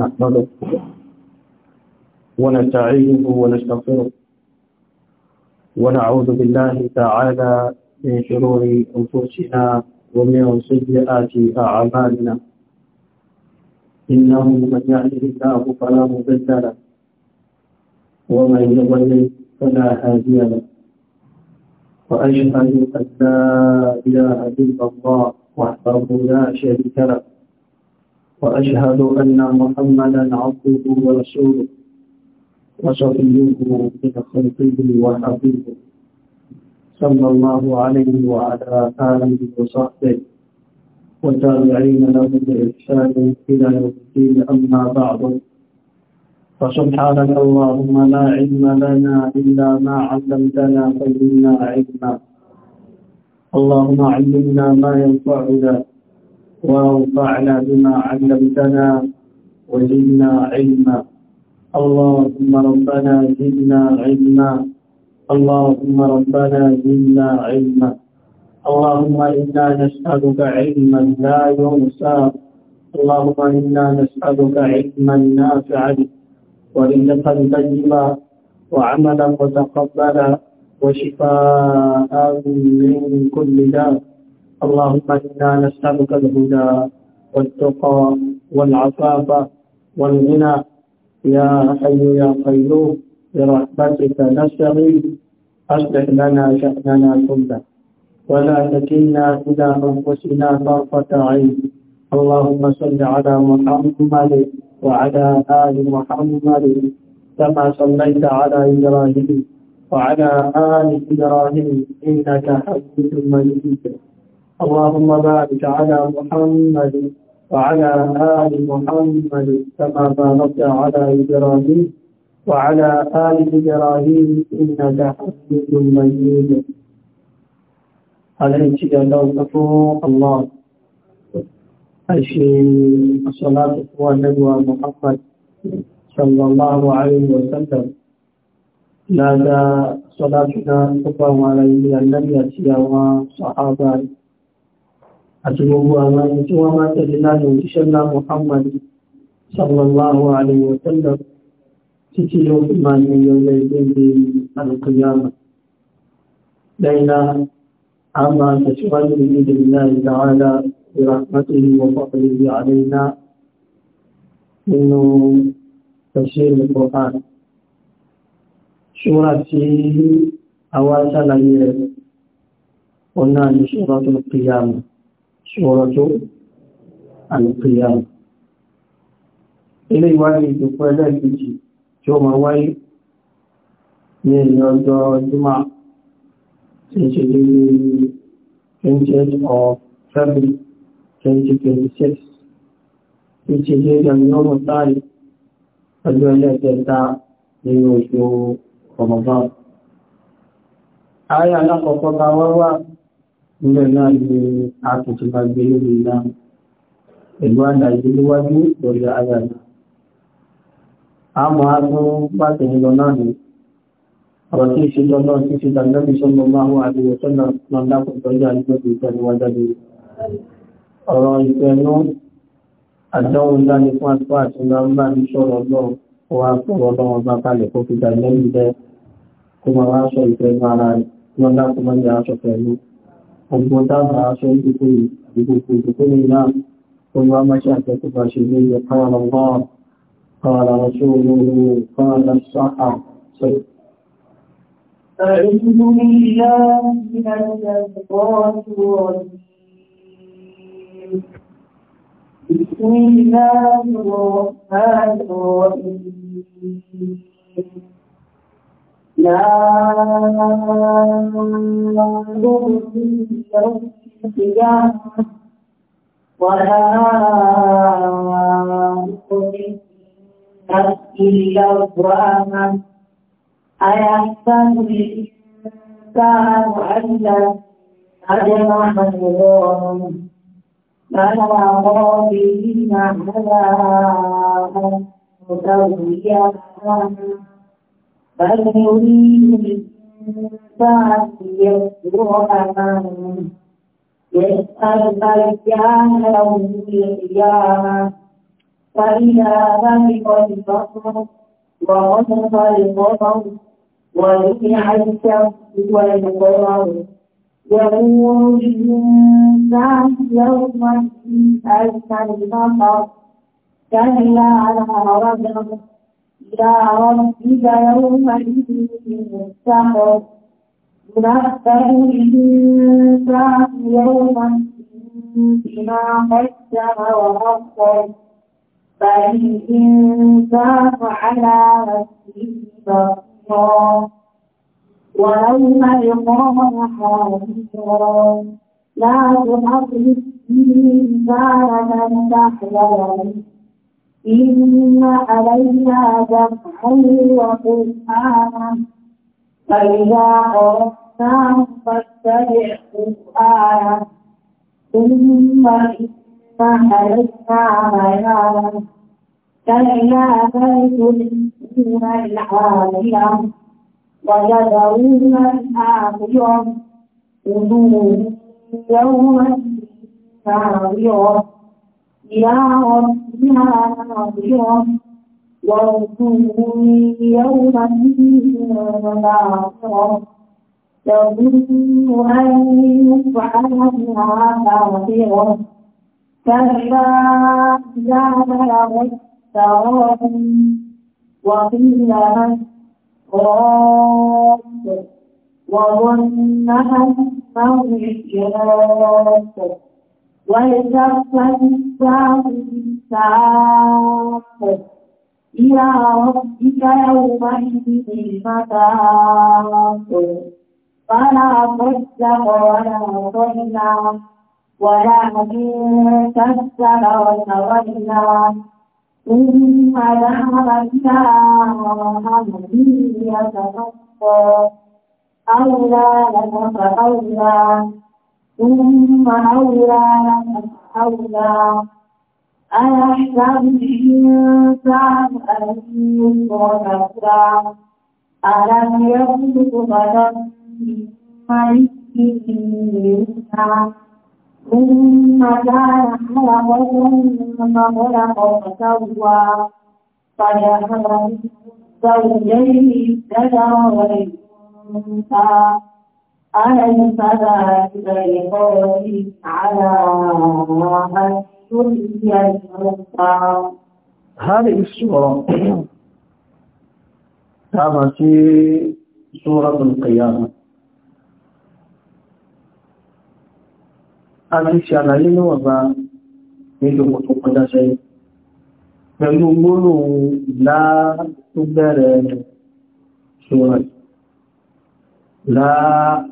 نحمده ونستعينه ونستغفره ونعوذ بالله تعالى من شرور أنفسنا ومن سيئات أعمالنا إنه من يهده الله فلا مضل له ومن يضلل فلا هادي له وأشهد أن لا إله إلا الله وحده لا شريك له وأشهد أن محمدا عبده ورسوله وصفيه من خلقه وحبيبه صلى الله عليه وعلى آله وصحبه والتابعين له بإحسان إلى يوم الدين أما بعد فسبحانك اللهم لا علم لنا إلا ما علمتنا فإنا علما اللهم علمنا ما ينفعنا وانفعنا بما علمتنا وزدنا علما اللهم ربنا زدنا علما اللهم ربنا زدنا علما اللهم إنا نسألك علما لا ينسى اللهم إنا نسألك علما نافعا ورزقا طيبا وعملا متقبلا وشفاء من كل داء اللهم إنا نسألك الهدى والتقى والعفاف والغنى يا حي يا قيوم برحمتك نستغيث أصلح لنا شأننا كله ولا تكلنا إلى أنفسنا طرفة عين اللهم صل على محمد وعلى آل محمد كما صليت على إبراهيم وعلى آل إبراهيم إنك حميد مجيد اللهم بارك على محمد وعلى آل محمد كما باركت على إبراهيم وعلى آل إبراهيم إنك حميد مجيد عليك يا الله أشهد الصلاة والنبوة محمد صلى الله عليه وسلم لذا صلاتنا تقام عليه النبي وصحابه àti gbogbo àwọn ẹni tí wọ́n máa tẹ̀lé láti òjíṣẹ́ ńlá Muhammad sallallahu alayhi wa sallam títí yóò fi máa ní ìyọlẹ̀ ìgbẹ́gbẹ́ alùkùnyàmà lẹ́yìnà a máa tẹ̀síwájú ní ìdìnnà ìdáhàdà ìràpátì tó kìyàmù ṣòrọ̀tó àlùkìyàmù. Ilé ìwádìí ìdòkú ẹlẹ́gbìjì tí ó máa wáyé ní ilẹ̀ ọjọ́ Júmà tí ṣe lé 28 of February 2026, tí ṣe lé ìjọmọ̀ táàrí ọjọ́ ẹlẹ́gbẹ̀ta nínú oṣù Ramadan. Ayé alákọ̀ọ́kọ́ ta wọ́n wá nílẹ̀ náà ni a tó ti bá gbé lórí iná pẹ̀lú àdàyé níwájú lórí ara rẹ̀. a mọ̀ á tún bá tẹ̀yìn lọ náà ni ọ̀rọ̀ tí ìṣe lọ náà ti fi dàgbẹ́bí sọ́nà máa wọ́n àdúgbò sọ́nà náà dákùn tọ́jú àdúgbò ìtẹ̀níwájáde ọ̀rọ̀ ìfẹ́nú àdánwò ńlá ní fún àtúwà àti ńlá ńlá ní sọ̀rọ̀ náà wọ́n á sọ̀rọ̀ náà wọn bá kalẹ̀ kó fi dàgbẹ́bí bẹ́ẹ̀ kó máa wá sọ ìfẹ́nú ara rẹ̀ lọ́dá kó máa ń yà ọgbọ́n dábà aṣọ ìdíkò ìdíkò ìdíkò بسم الله الرحمن الرحيم لا ولا أقول إلا القرآن أيحسن الإنسان أن لن أجمع نظامه فلا غافلين على أن نسوي بل يريد الإنسان يكفر أمامه يسأل أيان يوم القيامة فإذا برق البصر وغضب القمر وجمع الشمس والقمر يقول الإنسان يومئذ أين المطر كلا على رجل إلى ربك يومئذ المستقر ينبأ الإنسان يومئذ بما قدم وأخر فالإنسان على نفسه بصيرا ويوم يقام حاضرا لا تحرك به لسانك لتحيا منه إن علينا جمعه وقرآنه فإذا قرأناه فاتبع قرآنه ثم إن علينا بيانه كلا بيت الدين العالية ويذرون الآخرة وجوه يومئذ ناظرة يا ربنا ناظرة وارجوني يوما ناظرة تظن أن يفعل بها ناظرة كلا إذا بلغت التراقي وقيل من راد وظن أنه الإياس ويتفى الساق بالساق إلى ربك يومئذ المتاق فلا صدق ولا صلى ولكن كسر وتولى ثم ذهب إلى أهله يتفقى أولى لك فأولى ثم أولى لك أولى أيحسب الإنسان أن يترك سدى ألم يكن قبلا من ملكه يمنى ثم كان حلقة فخلق فسوى فجعل زوجين الذكر والأنثى أليس ذلك بقولي على الدنيا المختار هذه السورة هذا في سورة القيامة Àti ṣàlàyé níwọ̀nba tó kọjá sẹ́yìn. Pẹ̀lú gbóòrò ìlà tó bẹ̀rẹ̀ ṣòro. لا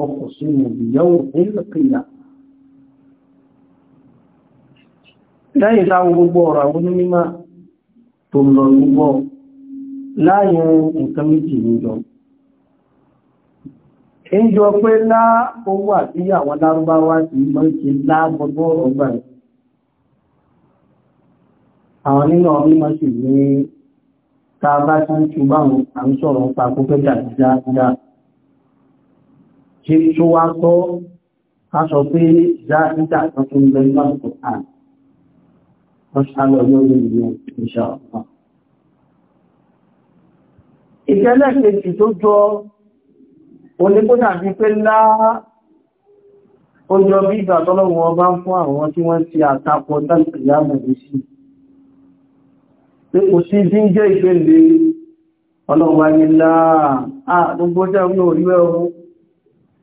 أقسم بيوم القيامة lẹ́yìn táwọn gbogbo ọ̀rọ̀ àwọn onímọ̀ tó lọ gbogbo láàrin nǹkan méjì níjọ. ìjọ pé lá owó àti àwọn lárúbáwá ti mọ́ ṣe lágbogbo ọgbà rẹ̀ àwọn nínú onímọ̀ sì ní tàbátí ṣùgbọ́n àwọn sọ̀rọ̀ pàkó fẹ́ dáadáa ṣe tó wá tọ́ káṣọ pé já nígbà kan tó ń bẹ lásìkò àn wọ́n ṣàlọ́ lórí ìlú ìṣà ọ̀pá ìṣẹ́lẹ̀ kejì tó jọ onígbóná bí pé lá ó jọ bí ìgbà tọ́lọ́wọ́ ọba ń fún àwọn tí wọ́n ti àtakọ̀ tàbí ìyàmọ̀ ìṣì pé kò sí bí ń jẹ́ ìgbélé ọlọ́wọ́ ayé láà gbogbo jẹ́ orí orí ẹ̀rọ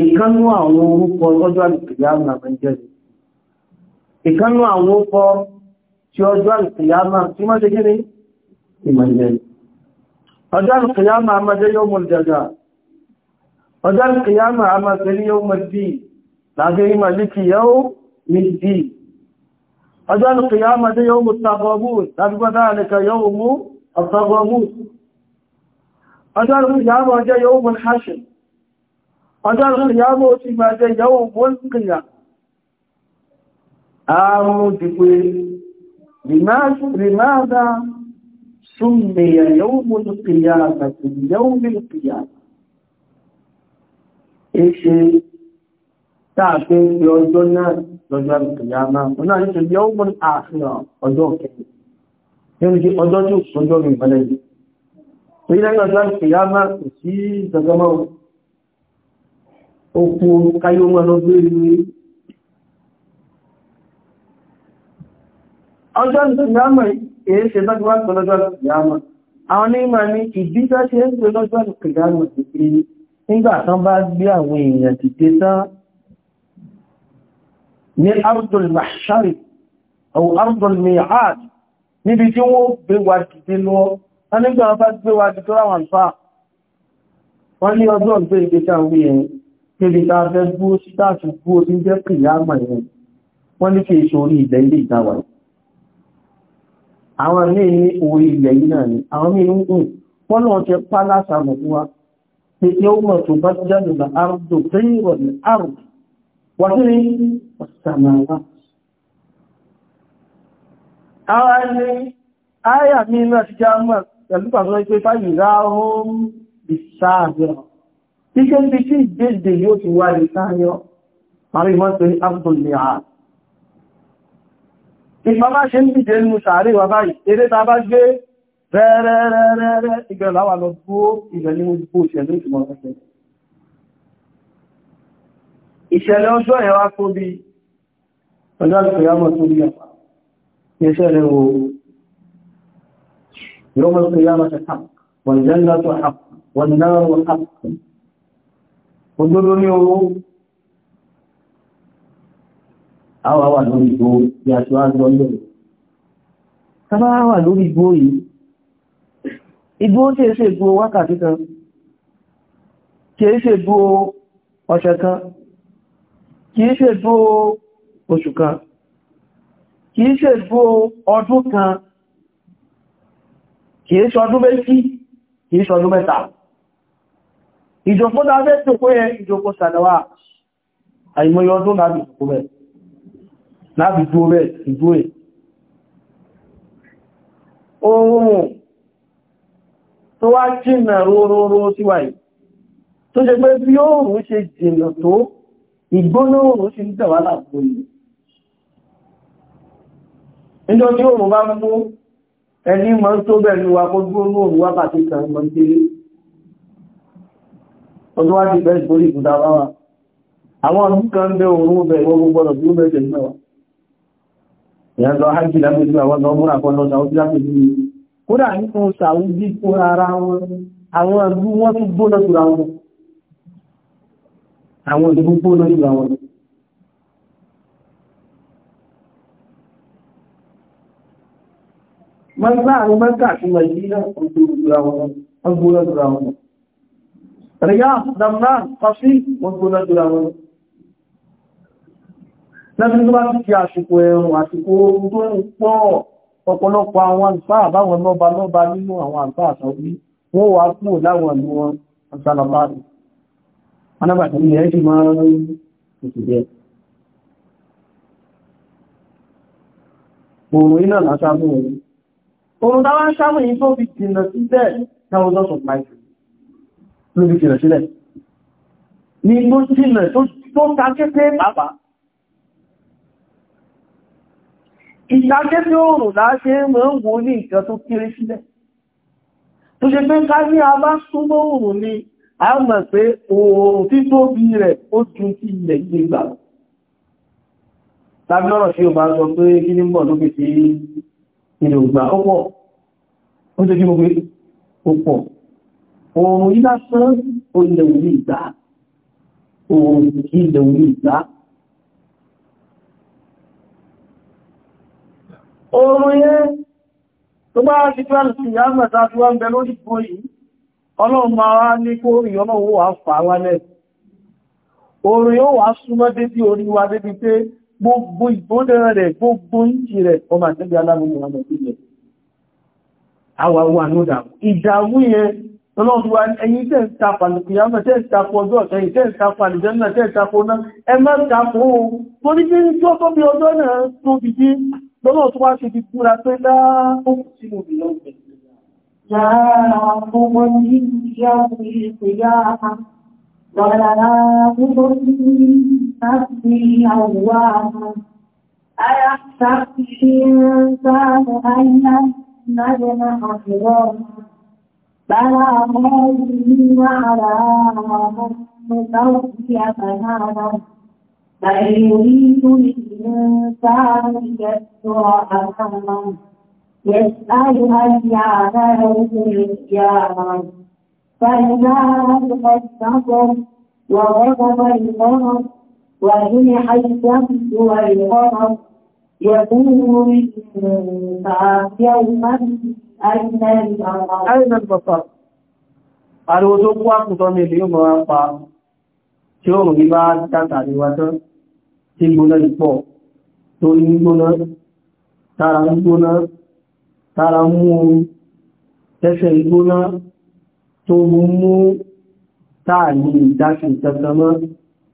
ìkánú àwọn orúkọ ọjọ́ àlùkìyàmà mẹ́jẹ̀lì ìkánú àwọn orúkọ tí ọjọ́ àlùkìyàmà tí wọ́n ṣe gírí ìmọ̀jẹ̀lì ọjọ́ àlùkìyàmà amájẹ́ yóò mọ̀ jẹ́jà ọjọ́ àlùkìyàmà amájẹ́ yóò mọ̀ dì láàrin ìmọ̀lìkì yóò ní dì ọjọ́ àlùkìyàmà jẹ́ yóò mọ̀ tàbọ̀mù lábígbọ́dá àlẹ́kà yóò mú ọ̀tàbọ̀mù ọjọ́ ìyàwó ti máa jẹ ìyàwó gbóǹkìyà ààrùn dìpé rìmáàdá súnmẹ̀yà yàwó gbóǹkìyà àti ìyàwó gbóǹkìyà èṣe tààfẹ́ ìpẹ ọjọ́ náà lọ́jọ́ ìpìyà máa wọ́n náà ní ṣe yàwó gbóǹkìyà ọjọ́ kẹ òkú káyé wọn lọ gbé ìlú rí ọjọ́ ìsìnyàmọ̀ èé ṣe lọ́jọ́ lọ́jọ́ ìsìnyàmọ̀ àwọn onímọ̀ ní ìdíjọ́ ṣe ń pè lọ́jọ́ ìsìnyàmọ̀ ti pé nígbà tán bá gbé àwọn èèyàn ti dé tán ní ardul mahshari àwọn ardul mi'ad níbi wa dìde lọ wọ́n nígbà wọ́n ní ọdún ọ̀gbẹ́ ìgbésà wí níbi ta fẹ́ gbó sítáàtù gbó tí ń jẹ́ pìyàmà ìwọ̀n wọ́n ní kí èso orí ilẹ̀ ilé ìtawà àwọn míì ní orí ilẹ̀ yìí náà ni àwọn míì ń gùn wọ́n náà ti pa lásàmù fún pé tí ó mọ̀ tó bá jáde lọ àrùdò tó ní ìrọ̀ ní àrùn ní ọ̀sàmàwà àwọn ẹni áyà mi náà ti já mọ̀ pẹ̀lú pàtó Kíkẹ́ bí kí ìgbéde yóò ti wá lè sáyọ́, àrí wọ́n tó ní Abdullá. Ìfàbá ṣe ń dìde nínú sàárè wà báyìí, eré ta bá gbé rẹ́rẹ́rẹ́rẹ́ ìgbẹ̀ láwà lọ bó ìgbẹ̀ ní gbogbo ìṣẹ̀lẹ̀ ìṣùmọ̀ ọ̀sẹ̀. Ìṣẹ̀lẹ̀ ọjọ́ ẹ̀ wá tó bí òdodo ní owó àwọn àwà lórí ìgbò bí a ṣe wá lọ lórí sábà wà lórí ìgbò yìí ìgbò tí è ṣe ìgbò wákàtí kan kì í ṣe ìgbò ọ̀sẹ̀ kan kì í ṣe ìgbò oṣù kan kì ṣe ìgbò ọdún kan kì ṣe ọdún méjì kì ṣe ọdún mẹ́ta ìjòkó náà fẹ́ tó kó yẹ ìjòkó sàlẹ̀wà àìmọye ọdún láàbì tó rẹ̀ láàbì tó rẹ̀ ìjó ẹ̀ oòrùn tó wá jìnà róróró síwà yìí tó ṣe pé bí oòrùn ṣe jìnà tó ìgbóná oòrùn ṣe ń tẹ̀wà láàbò yìí níjọ́ tí oòrùn bá mú ẹni mọ́ tó bẹ̀rẹ̀ wà kó gbóná oòrùn wákàtí kan mọ́ ọdún wá ti bẹ́ẹ̀ borí ìkúta báwa àwọn ọdún kan bẹ òórùn bẹ gbogbo gbọdọ̀ tí ó mẹ́sẹ̀ ní mẹ́wàá ìyá lọ hajji lápẹjú àwọn lọ múra kan lọ sàúdí lápẹjú ní kódà nínú sàúdí fún ara wọn àwọn ìlú wọn tún gbóná tura wọn àwọn ìlú gbóná tura wọn mọ́gbà àwọn àti mọ̀ náà gbóná tura wọn Riyadh, Damran, Qashi, wọ́n tó lọ́jọ́ àwọn lẹ́bí tó bá ti fi àsìkò ẹ̀rùn àsìkò oòrùn tó ń pọ̀ ọ̀pọ̀lọpọ̀ àwọn àlùfáà àbáwọn lọ́ba lọ́ba nínú àwọn àlùfáà àtàwí wọ́n wà kúrò láwọn ìlú wọn àtàlàbáàdì anábàtí ilẹ̀ ẹ̀ṣì máa ń tètè jẹ́ oòrùn iná lásámú oòrùn táwọn sámú yìí tó fi níbi jìnà sílẹ̀ ní tó jìnà tó takété bàbá ìtakété òrùn láṣẹ mọ́ ń wo ní ìkan tó kéré sílẹ̀ tó ṣe pé ká ní a bá súnmọ́ òrùn ni a mọ̀ pé òòrùn tí tó bí rẹ̀ ó ju ilẹ̀ ilé oòrùn yí lásán ó ilẹ̀ òní ìgbà oòrùn kí ilẹ̀ òní ìgbà oòrùn yẹn tó bá ti tó àti ìyá mẹ́ta tó wá ń bẹ lórí ìgbò yìí ọlọ́run máa wá ní kó rí ọlọ́run wà fà wálẹ̀ oòrùn yóò wá súnmọ́ débí orí wa débi pé gbogbo ìgbóná rẹ̀ gbogbo ìjì rẹ̀ ọmọ àtẹ́bí aláàmù ìrànlẹ̀ ìjẹ̀ àwọn àwọn ànúdàmù ìdàmú yẹn ọlọ́run ẹ̀yin tẹ́ ìtàpà lùkìyàmọ̀ tẹ́ ìtàpà ọjọ́ ọ̀tẹ́yìn tẹ́ ìtàpà àlùjànnà tẹ́ ìtàpà ọ̀nà ẹ má ìtàpà ohun tó ní bí tó tó bí ọjọ́ náà tó bí bí lọ́nà tó wá ṣe ti kúra pé láàá ó sì mú فلا مؤمن على مستوفي فنادر بل يريد الإنسان يسر أمامه يسأل أيان يوم القيامة فإذا نفخ الصبر وغضب القمر وجمع الشمس والقمر يقول الإنسان يومئذ Àìnà ìpàpà. Ariwo tó kú àkùtọ́ ní ilé yóò máa pa tí ó rí bá dáta ní wájọ́ tí gbóná ìpọ̀ tó ní gbóná, tara ń gbóná, tara mú oòrùn, tẹ́sẹ̀ ìgbóná tó mú mú táà ní ìdáṣì ìtẹ́tẹ́mọ́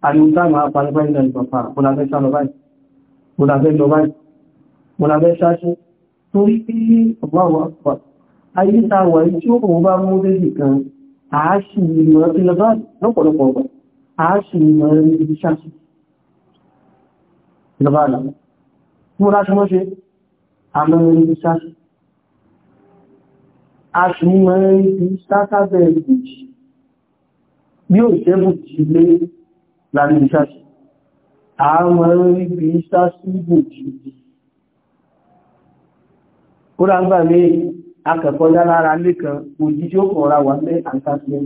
ariwo tá máa parí báyìí torí pé ọgbàwà pà ayé tàwà tí ó kọ̀wọ́ bá mú lẹ́yìn kan àáṣì ìmọ̀ ìlọ́gbà lọ́pọ̀lọpọ̀ ọgbà àáṣì ìmọ̀ ìrìnlẹ̀ ṣáṣì ìlọ́gbà àlàmà mú láti mọ́ ṣe àmọ́ ìrìnlẹ̀ ṣáṣì àṣì ìmọ̀ ìrìnlẹ̀ ṣáṣàbẹ̀ ìbùjì bí kódà ń gbà mí akẹ́kọ̀ọ́já lára lẹ́kan òjì tí ó kọ̀ ra wà ní àǹtàṣẹ́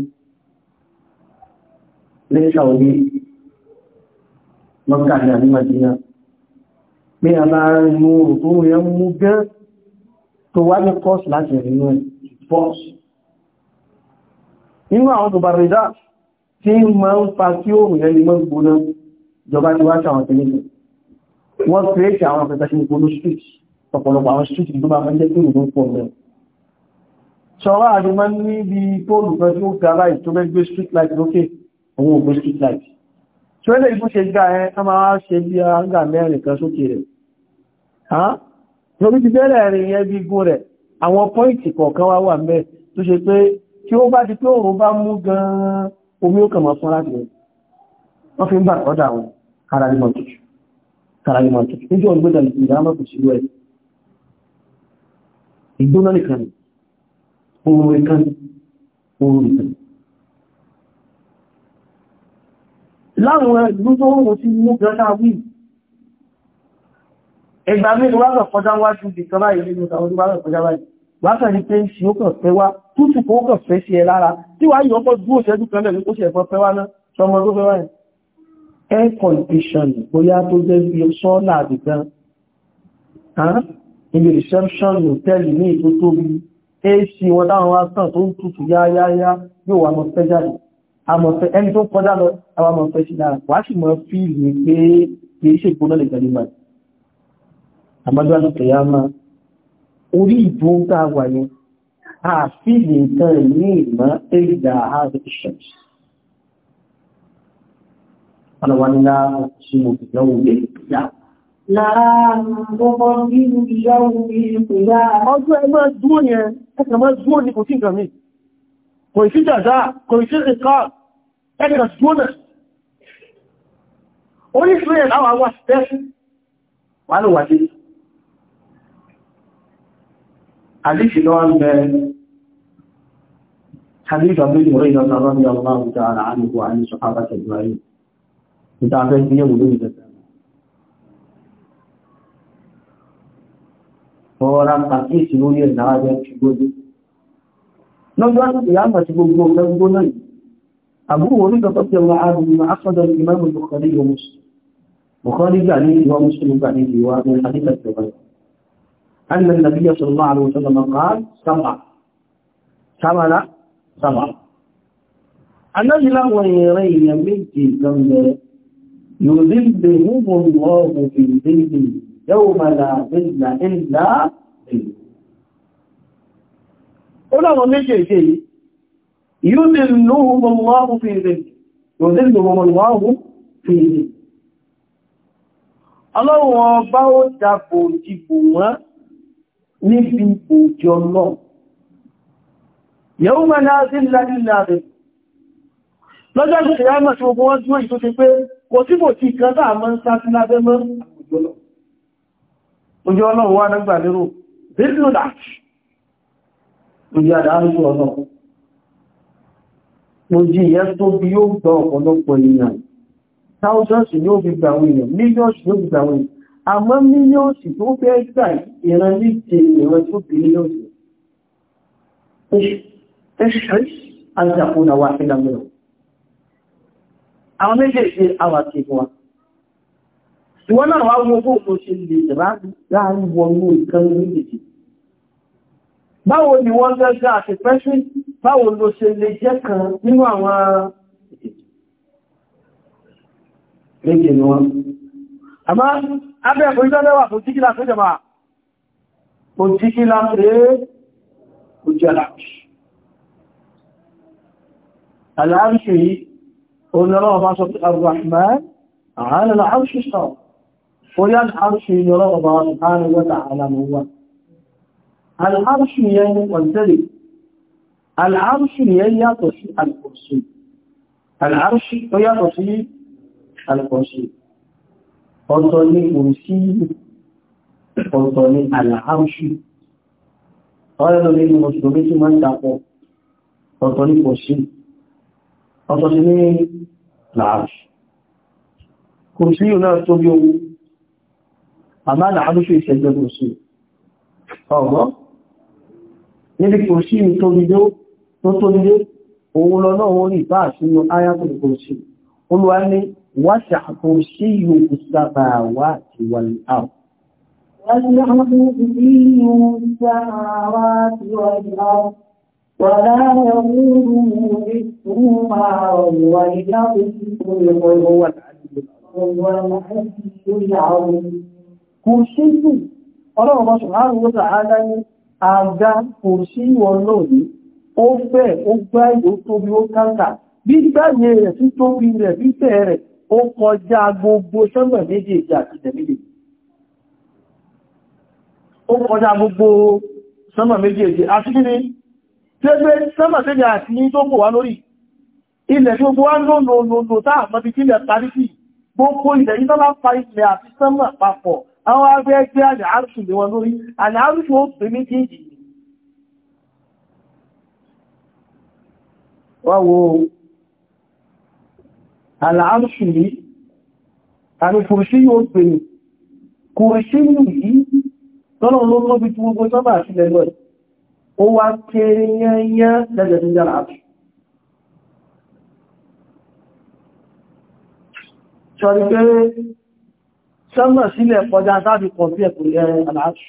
lẹ́ṣà òní mọ́kà ní àdímàdíyà pé alára inú òkú rẹ̀ mú gẹ́ tó wá ní kọ́s láti rínú ẹ̀ pọ́s inú àwọn tó bá rí dá tí ma ń fa kí ó rìn ẹni mọ́ gbóná ìjọba ti wá sàwọn tẹ́lẹ̀ wọ́n kìí àwọn pẹ̀tàṣì ìgbóná street ọ̀pọ̀lọpọ̀ àwọn street ló máa jẹ́ pé òun pọ̀ lẹ́ ṣọ́rọ̀ àti máa ní bí póòlù kan tí ó ga báyìí tó mẹ́gbé street light lókè òun ògbé street light tí ó lè ibú ṣe gá ẹ a máa ṣe bí áńgà mẹ́rin kan sókè rẹ̀ lórí ti bẹ́rẹ̀ rìn yẹn bí igun rẹ̀ àwọn pọ́ìntì kọ̀ọ̀kan wá wà mẹ́ tó ṣe pé tí ó bá di pé òun bá mú gan-an omi ó kàn máa fún láti rẹ̀ wọ́n fi ń bà ọ̀dà àwọn káràlímọ̀ tuntun káràlímọ̀ tuntun níjọ́ ìgbẹ́dàlì ìdámọ̀ kò sí lọ́ẹ̀ ìgbóná nìkan oòrùn nìkan oòrùn nìkan láwọn ìlú tó wọ́n ti mú gọ́nà wí ẹgbà mẹ́rin wákà kọjá wájú ìkọlá ìlú ìlú tàwọn wákà kọjá wájú wákà ní pé ṣe ó kàn fẹ́ wá tútù kó kàn fẹ́ sí ẹ lára tí wá yìí ọkọ̀ dúró ṣẹ́jú kan lẹ̀ ló ṣe ẹ̀fọ́ fẹ́ wá náà sọmọ tó fẹ́ wá yẹn air condition bóyá tó jẹ́ bí sọ́ọ̀lá àdìgan níbi reception hòtẹ́lì ní ètò tóbi ac wọn táwọn wá sàn tó ń tutù yáyáyá yóò wà mọ́ fẹ́ jáde àmọ̀fẹ́ ẹni tó kọjá lọ àwọn àmọ̀fẹ́ sí lára wà sì mọ́ fíìlì pé kìí ṣe ìgbóná lè gbẹ̀lẹ̀ máa àmọ́jọ́ àlùkẹ̀yà máa orí ìbò ń tà wà yẹn a fíìlì nǹkan ní ìmọ̀ èrìdà artificials ọ̀nà wà nílá sí mo fi yọ́wọ́ Ọjọ́ ẹgbẹ́ dúó yẹn, ẹgbẹ́ dúó ní kò tí nǹkan mi. Kò ìsí jàdá, kò ìsí ìkà, ẹgbẹ́ dúó náà. Oníṣẹ́ ẹ̀ láwà wà stẹ́ṣì, wà ló wà sí. Àdíṣì lọ́wọ́ ń bẹ Hadith Abu Hurairah radiyallahu ta'ala anhu wa an sahabati Ibrahim. Ita fẹ́ gbíyàwó lórí tẹ̀tẹ̀. ọ̀rọ̀ pàkíyèsí lórí ẹ̀ láwájẹ́ ṣùgbọ́dé. lọ́jọ́ ìyàmà ti gbogbo ọgbẹ́gbogbo náà yìí àbúrò orígbà tó tẹ́wọ́ ààrùn asọ́dọ̀ ìmáàmù Bukhari yóò mùsùn Bukhari gbà النبي صلى الله عليه وسلم قال سبع سبع سبع النبي له ويرين ميتي كم يذبهم الله في ذنبه يوم لا ظل إلا ظله ọlọ́run méjèèjì yìí yóò lè lóhun ọlọ́run fi rẹ̀ yóò lè lóhun ọlọ́run fi rẹ̀ ọlọ́run ọba ó dàbò ìdìbò wọ́n níbi ìjọ lọ yóò mẹ́ láti lárílá rẹ̀ lọ́jọ́ ìgbẹ̀rẹ̀ mọ̀ sí ogun wọ́n tí wọ́n ìtó pé kò síbò tí kan táà mọ́ ń sá sí lábẹ́ mọ́ àwùjọ lọ ojú ọlọ́run wá nágbà lérò bílíọ̀ dáàkì ojú àdáhùsù ọlọ́run ojú ìyẹ́ tó bí yóò gbọ́ ọ̀pọ̀lọpọ̀ èèyàn thousands yóò fi gbà àwọn èèyàn millions yóò fi gbà àwọn èèyàn àmọ́ millions tó fẹ́ gbà ìran ní ti ìran tó bí millions ẹ̀ṣẹ́ àjàkúnà wà fílàmìlò àwọn méjèèjì àwàkì wọn ìwọ náà wá wọ́n bó kò ṣe lè láàrín wọnú ìkan méjèèjì báwo ni wọ́n gẹ́gẹ́ àti pẹ́ṣí báwo ló ṣe lè jẹ́ kan nínú àwọn méjì ni wọ́n àmá abẹ́ ẹ̀kùn ìjọ́lẹ́wà kò tíkílá tó jẹma kò tíkílá pé kò jẹ́lá aláàríṣẹ́ yìí òun lọ́wọ́ bá sọ pé àrùn àmà àhálàlá àrùṣ bóyá al'arṣù ni ọlọ́ọ̀bá subhanahu wa ta'ala ló wà al'arṣù yẹn wọ̀ntẹ́lẹ̀ al'arṣù yẹn yàtọ̀ sí al-kursi al'arṣù tó yàtọ̀ sí al-kursi ọ̀tọ̀ ni kursi ọ̀tọ̀ ni al'arṣù ọ̀rẹ́lọ nínú mùsùlùmí tí ni kursi àmá àlàáṣù ìṣẹ́gbẹ́ òṣì ọ̀gbọ́ níbi kò sí ìtòbídó tó tóbídó òun lọ náà wọ́n rí bá sínú ayatul kursi olúwa ní wáṣà kò sí yóò sábà wà ti wà ní àwọn ولا يقوله ذكرها وهو يلقي كل هو kò sí jù ọlọ́run bá ṣùgbọ́n àrùn ó tààdá ní àga kò sí wọn náà ní ó fẹ́ ó gbá ìlú tóbi ó káńkà bí gbáyé rẹ̀ sí tóbi rẹ̀ bí fẹ́ rẹ̀ ó kọjá gbogbo sọ́gbọ̀n méjèèjì àti tẹ̀mílè ó kọjá gbogbo sọ́gbọ̀n méjèèjì àti kí ni tẹ́gbẹ́ sọ́gbọ̀n méjèèjì àti yí tó kò wá lórí ilẹ̀ tí gbogbo wá ń lòlòlò táà mọ́bí kílẹ̀ parí sí gbogbo ilẹ̀ yí tọ́lá parí ilẹ̀ àti sọ́gbọ̀n papọ̀ àwọn agbẹ́ ẹgbẹ́ àdáàrùsù lè wọn lórí àdáàrùsù ó pè méjèèjì wọ́n wo àdáàrùsù ní àmì kùrùsí yóò pè ní kùrùsí yìí tọ́nà ló lọ́ fi gbogbo sọ́bà sílẹ̀ lọ́ẹ̀ ó wá kéré yányá lẹ́jẹ̀ tó jára àtù Sọ̀rọ̀ sánmà sílẹ̀ kọjá sáàbì kọ̀ sí ẹ̀kùnlẹ̀ aláàṣù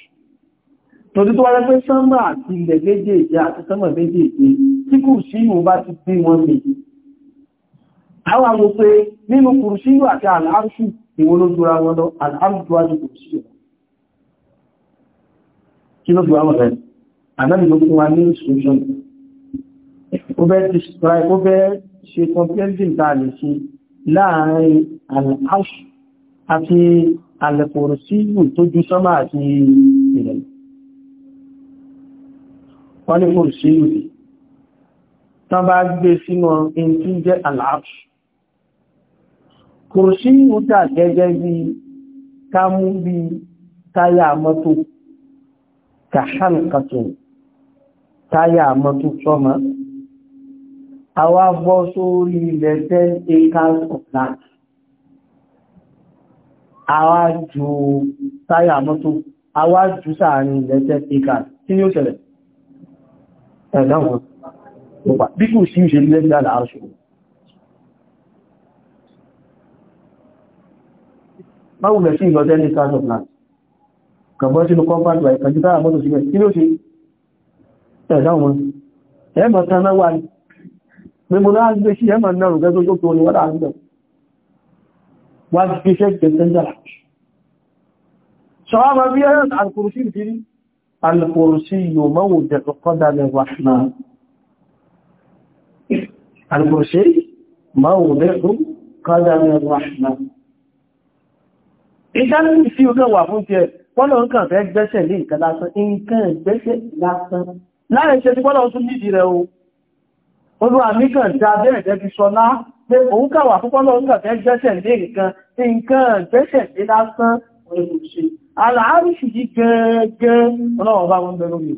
torí tó wáyé pé sánmà àti ilẹ̀ méjèèjì àti sánmà méjèèjì tí kù sí ìwò bá ti gbé wọn mi àwọn àwọn pé nínú kùrù sí ìwò àti aláàṣù ìwò ló dúra wọn lọ aláàṣù wájú kùrù sí ìwò kí ló dúra wọn rẹ̀ ànábì ló fún wa ní solution ó bẹ́ describe ó bẹ́ ṣe comparison a lè àti alẹ́kòrò sílù tó jú sánmà àti ilẹ̀ wọ́n ní kòrò sílù rí tán bá gbé sínú in tí jẹ́ aláàpù kòrò sílù tà gẹ́gẹ́ bí kámú bí táyà mọ́tò kàhálùkàtò táyà mọ́tò sọ́mọ́ àwa bọ́ sórí ilẹ̀ 10 acres àwájú táyà mọ́tò àwájú sáàrin ilẹ̀ tẹ́kà tí ni ó ṣẹlẹ̀ ẹ̀dáwọn bí kò sí ìṣẹ́ ilẹ̀ ìdá àṣù báwo lẹ̀ sí ìlọ́tẹ́ ní stars of land kàbọ́ sínú compound by ìkàjú táyà mọ́tò sílẹ̀ tí ni ó ṣe ẹ̀dáwọn ẹ̀mọ̀ tán náà wà ní wá gbéṣẹ́ gbẹ̀tẹ́jára ṣọ́wọ́mọ̀ bí ẹ̀rọ alkùrùsí ìdírí alkùrùsí yóò mọ́wò dẹ̀kọ́dálẹ̀ wàhánà alkùrùsí mọ́wò dẹ̀kọ́dálẹ̀ wàhánà ìdánilì sí ogẹ́ wà fún ti ẹ̀ pọ́lọ̀ nǹkan fẹ́ gbẹ́ṣẹ̀ lé nǹkan lásán nǹkan gbẹ́ṣẹ̀ lásán láàrin ṣe ti pọ́lọ̀ tún nídìí rẹ̀ o olúwa mi kàn dá bẹ́ẹ̀ jẹ́ fi sọlá pé òun kàwà púpọ̀ lọ nígbà tẹ́ gbẹ́sẹ̀ lé nǹkan tí nǹkan gbẹ́sẹ̀ lé lásán olùṣe aláàrùsù yí gẹ́gẹ́ ọlọ́wọ̀ bá wọn bẹ̀rù mi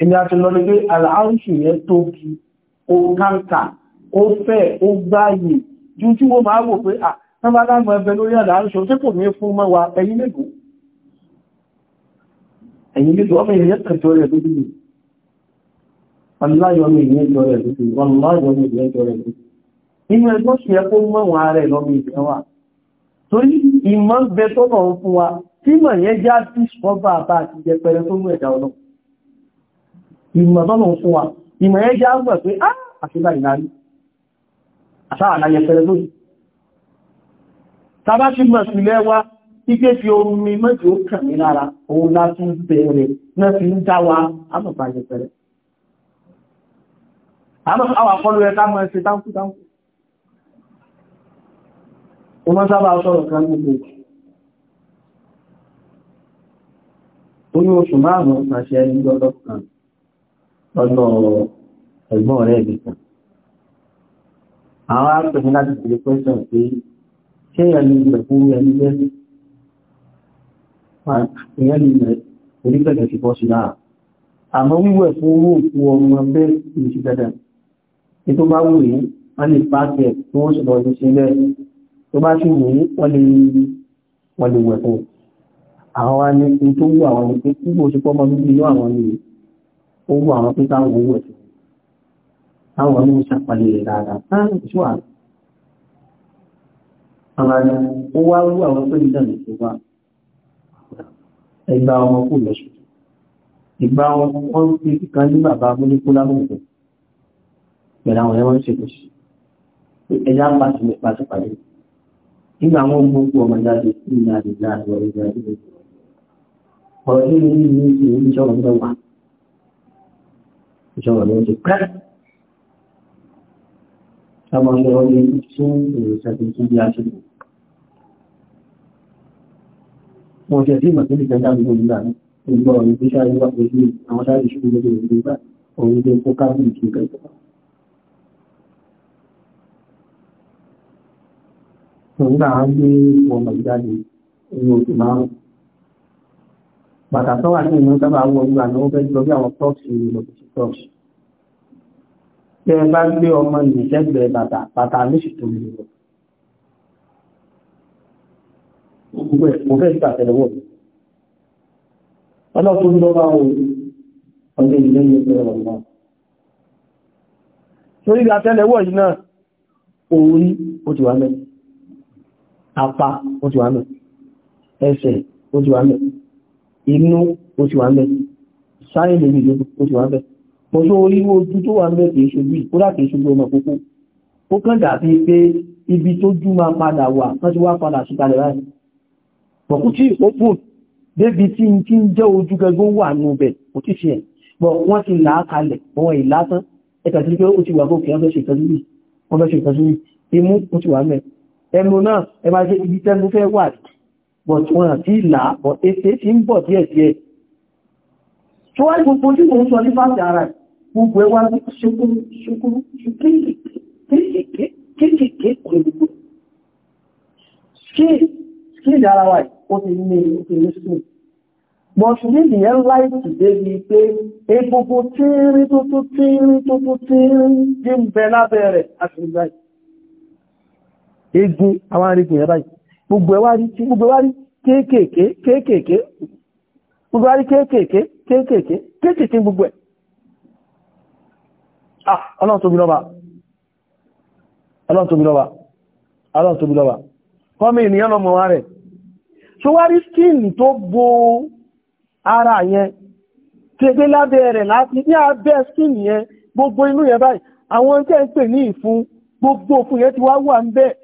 èmi àti lọ lé aláàrùsù yẹn tó kí ó káńkà ó fẹ́ ó gbáyè ju tí wọ́n máa wò pé à tán bá lámọ̀ ẹbẹ lórí aláàrùsù tí kò ní fún mọ́ wa ẹ̀yìn mélòó ẹ̀yìn mélòó ọmọ ìrìn aláyọmí ìyẹ́jọ rẹ̀ lókè aláyọmí ìyẹ́jọ rẹ̀ lókè inú ẹgbọ́ ṣe ẹkó mọ́wàá rẹ̀ lọ́mí ìfẹ́wà torí ìmọ̀ bẹ tó mọ̀ ń fún wa tí já sí ṣọ́bà bá àti jẹpẹrẹ tó mú ẹ̀dà ọlọ́ ìmọ̀ tó mọ̀ fún wa ìmọ̀ yẹn já mọ̀ pé á àṣìlá ìnáyí àṣà àlàyé pẹrẹ lórí tàbá ti mọ̀ sílẹ̀ wa ike fi omi mẹ́jọ kàn mí lára òun láti bẹ̀rẹ̀ náà fi ń dá wa á mọ̀ bá jẹpẹrẹ àwọn akọlù ẹ̀ káàmọ̀ ẹ̀sẹ̀ táńkù táńkù o mọ́ sábà sọ̀rọ̀ kan gbogbo orí oṣù márùn-ún àṣẹ ẹni lọ́dọ̀ kan lọ́dọ̀ ẹ̀gbọ́n rẹ̀ ẹ̀bì kan àwọn akẹ́kọ̀ọ́ láti bèèrè pẹ́sàn pé ṣé ẹni ìgbẹ̀ fún ẹni lẹ́sìn ìyẹn ni onígbẹ̀gẹ̀ ti bọ́ sí láà àmọ́ wíwẹ̀ fún owó òkú ọmọ bẹ́ẹ̀ ní tó bá wù yí wọ́n lè pàṣẹ ẹ̀ tí wọ́n sì lọ sí tó bá sì wù yí wọ́n lè wọ́n àwọn wa tó wù àwọn ní pé kí ṣe pọ́mọ bíbí inú àwọn ní ó wù àwọn pé káwọn owó ẹ̀ táwọn ṣàpàlẹ̀ rẹ̀ dáadáa pẹ̀lú àwọn ẹwọ́n ṣètò sí ẹjá pàṣẹ nígbà wọn gbogbo ọmọ jáde sí ní àdìgbà àwọn ìgbà ìgbà ọ̀rọ̀ tí mo ní ìlú ìlú ìlú ìjọba ń bẹ̀wà ìjọba ló ń ti pẹ́ ọmọ ìjọba ní fún èrò sẹ́kùn sí bí a ṣe lò wọn jẹ sí ìmọ̀sílì kẹta ní olùdá ní gbọ́ ọ̀rọ̀ ìgbésà ìwà pẹ̀lú àwọn sáré ìṣòro lórí ìgbésà òun ló kó káàkiri ìṣòro kẹta nígbà wọn gbé ọmọ ìjáde ní oṣù márùn bàtà tó wà ní ìlú sábà wọ ìgbà ní ó fẹ́ jọ bí àwọn tọ́ọ̀sì ìlú tọ́ọ̀sì tẹ ẹ bá gbé ọmọ ìrìnsẹ́gbẹ̀ẹ́ bàtà bàtà lóṣù tó lè lọ mo fẹ́ gbà tẹ̀lẹ́wọ̀ ọlọ́tún lọ́wọ́ ọdún ilé ní ẹgbẹ̀rẹ̀ ọ̀nà torí gbà apá ó ti wà mẹ́ ẹsẹ̀ ó ti wà mẹ́ inú ó ti wà mẹ́ sáré lèmi ìlú ó ti wà mẹ́ mo tó orí ojú tó wà mẹ́ kìí ṣojú ìkúrà kìí ṣojú ọmọ kókó ó kàn dàbí pé ibi tó jú máa padà wà wọ́n ti wá padà sí kalẹ̀ báyìí bọ̀kú tí ó fún débi tí n tí ń jẹ́ ojú gẹ́gẹ́ wà nù bẹ̀ kò tí fi ẹ̀ bọ̀ wọ́n ti là á kalẹ̀ wọn ìlà tán ẹ̀kà tí ó ti wà bó kí wọ́n fẹ́ ṣe ìtọ́jú yìí wọ́n fẹ́ ṣe ìtọ́jú yìí imú ó ti wà mẹ́ ẹnu náà ẹ máa ṣe ibi tẹ́nu fẹ́ wà but wọn àti ìlà bọ̀ ètè tí ń bọ̀ díẹ̀ díẹ̀ tó wá gbogbo tí mo ń sọ ní fásitì ara gbogbo ẹwà ṣekúrú ṣekúrú kéèkéèké pẹ̀lú skill ara wa ó ti ní ìpínlẹ̀ school but níbi yẹn láìsì débi pé egbogbo tíírín tó tó tíírín tó tó tíírín jí ń bẹ lábẹ́ rẹ̀ àti ìgbàyìí egun àwọn arìnrìn yẹn báyìí gbogbo ẹwà rí kéékèèké kéékèèké gbogbo àrí kéékèèké kéékèèké kéékèèké gbogbo ẹ̀ ah ọlọ́run tóbi lọ́ba ọlọ́run tóbi lọ́ba ọlọ́run tóbi lọ́ba kọ́mí ènìyàn lọ́mọ wá rẹ̀ ṣó wá rí skin tó bo ara yẹn tẹgbé lábẹ́ rẹ̀ láti ní abẹ́ skin yẹn gbogbo inú yẹn báyìí àwọn tẹ́ ń pè ní ìfun gbogbo òfun yẹn ti wá wà ń bẹ́ẹ̀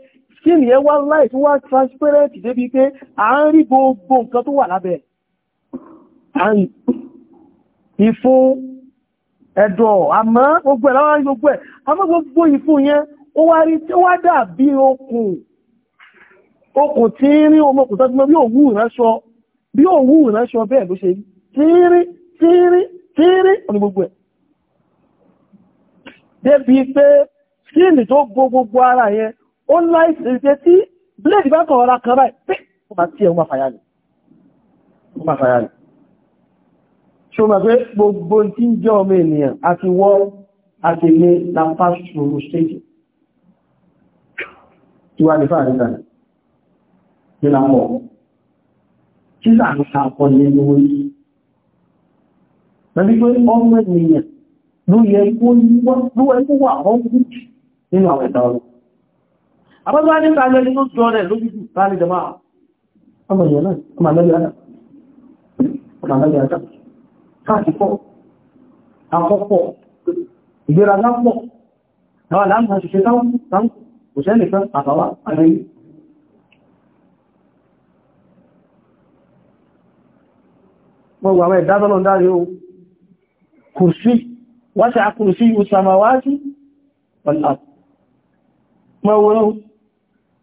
kí ẹ wá láì wá transparent débi pé a ń rí gbogbo nǹkan tó wà lábẹ̀ ìfún ẹ̀dọ̀ àmọ́ gbogbo ẹ̀ gbogbo ẹ̀ àmọ́ gbogbo ìfún yẹn ó wá rí tí ó wá dàbí okùn okùn tí rí ọmọ okùn gbọ́ bí òwú ìránṣọ bí òwú ìránṣọ bẹ́ẹ̀ ló ṣe rí ẹ̀ ó láìsí ìṣẹ́ tí blade bá kọ̀ ọ̀rá kan báyìí pé ó máa tí ẹ ọmọ fàyà nì ṣo máa pé gbogbo tí ń jẹ́ ọmọ ènìyàn àti wọ́ àti ní lápá ṣòro stage tí wá ní fà àríkà ní lápọ̀ tí sàríkà pọ̀ ní owó yìí pẹ̀lú pé ọmọ Àwọn bá ní tààlẹ̀ ní tó jọ rẹ̀ lójú tààlẹ̀ jẹmọ́ ọmọ ìyẹn náà, ọmọ àlẹ́lẹ́ àdá. Ọmọ àlẹ́lẹ́ àdá. Káàkì pọ̀, àkọ́pọ̀, ìgbéra lápọ̀, àwọn àlàmà ṣiṣẹ́ táwọn kò sẹ́ nìkan àbáwá àrẹ́yìn. Gbogbo àwọn ìdádọ́lọ́ dáre o, kò sí, wáṣẹ́ akùrù sí ìwòsàmàwáṣí, wọ́n láti. Mọ́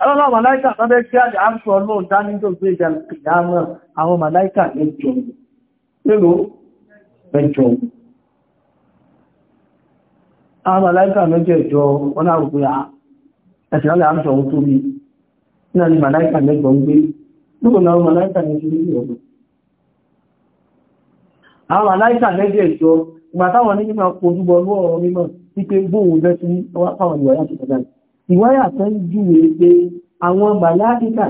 Ọlọ́run màláíkà tó bẹ́ kí àjẹ́ àṣọ ọlọ́run dání tó gbé ìjà ìyàmọ́ àwọn màláíkà ẹjọ́. Nílò ẹjọ́. Àwọn màláíkà mẹ́jọ ẹjọ́ wọn láàrùn pé ẹ̀sìn alẹ́ àṣọ ohun tó rí. Náà ni màláíkà mẹ́jọ ń gbé. Nígbò náà màláíkà mẹ́jọ ń gbé ọ̀dọ̀. Àwọn màláíkà mẹ́jọ ẹjọ́ ìgbà táwọn onímọ̀ ìwáyà tó ń júwe pé àwọn màláàdìkà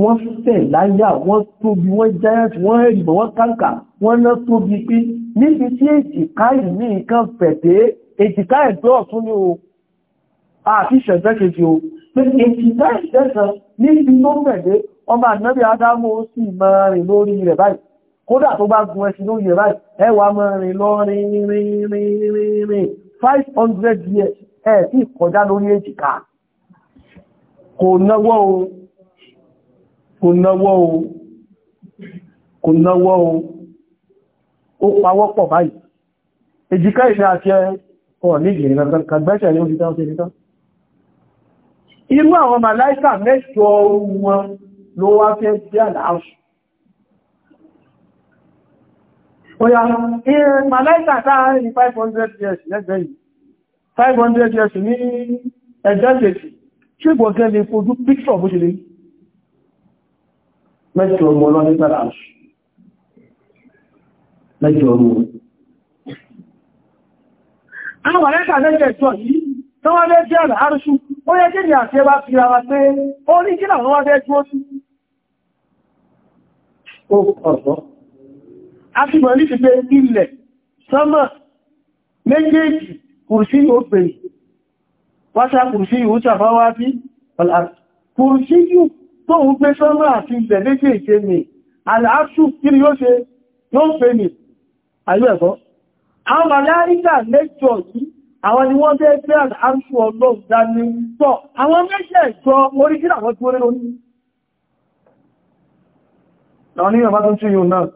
wọ́n fẹ́ láyà wọ́n tóbi wọ́n giant wọ́n ẹ̀rìbọ̀ wọ́n kàǹkà wọ́n ná tóbi pé níbi tí èjìká ìní nǹkan fẹ̀dé èjìká ẹ̀gbẹ́ ọ̀tún ní o àti ìṣẹ̀gbẹ́ kejì o pé èjìká ìṣẹ́sàn níbi tó fẹ̀dé ọmọ ànábì adámọ́ ó sì máa rìn lórí rẹ̀ báyìí kódà tó bá gun ẹṣin lórí rẹ̀ báyìí ẹwà máa rìn lọ rìn rìn rìn rìn hundred years ẹ̀ tí kọjá lórí èjìká kò náwọ́ o kò náwọ́ o kò náwọ́ o ó pawọ́pọ̀ báyìí èjìká ìṣẹ́ àti ọ̀ nígbìrì kàgbẹ́ṣẹ̀ ní oṣù tán irú àwọn màláìkà mẹ́jọ wọn ló wá fẹ́ sí àlàáṣù Oya, ìrìn màláìkà táàrin 500 years lẹ́gbẹ̀ẹ́ yìí, 500 years ní ẹ̀dẹ́sẹ̀sì tí ìbọn gẹ́ lè fojú píṣọ̀ bó ṣe lè mẹ́jọ ọmọ ọlọ́ni padà mẹ́jọ ọmọ àwọn ẹ̀kà lẹ́jẹ̀ ìjọ yìí tó wọ́n lẹ́ jẹ́ àrùsù ó yẹ kí ni àti ẹbá fi ara pé ó ní kí làwọn wọ́n lẹ́ dúró sí ó ọ̀rọ̀ a ti mọ̀ ní ti pé ilẹ̀ kùrùsí yóò pè wáṣá kùrùsí yóò ṣàfáwá sí kùrùsí yóò tó ń gbé sọ́mọ́ àti ilẹ̀ léṣe ìṣe mi aláàṣù kiri yóò ṣe yóò pè mi ayé ẹ̀kọ́ àwọn aláríkà lẹ́jọ́ yìí àwọn ni wọ́n bẹ́ẹ̀ bẹ́ẹ̀ aláàṣù ọlọ́run dání tọ́ àwọn mẹ́ṣẹ̀ẹ̀jọ orí kí àwọn tí ó rí lónìí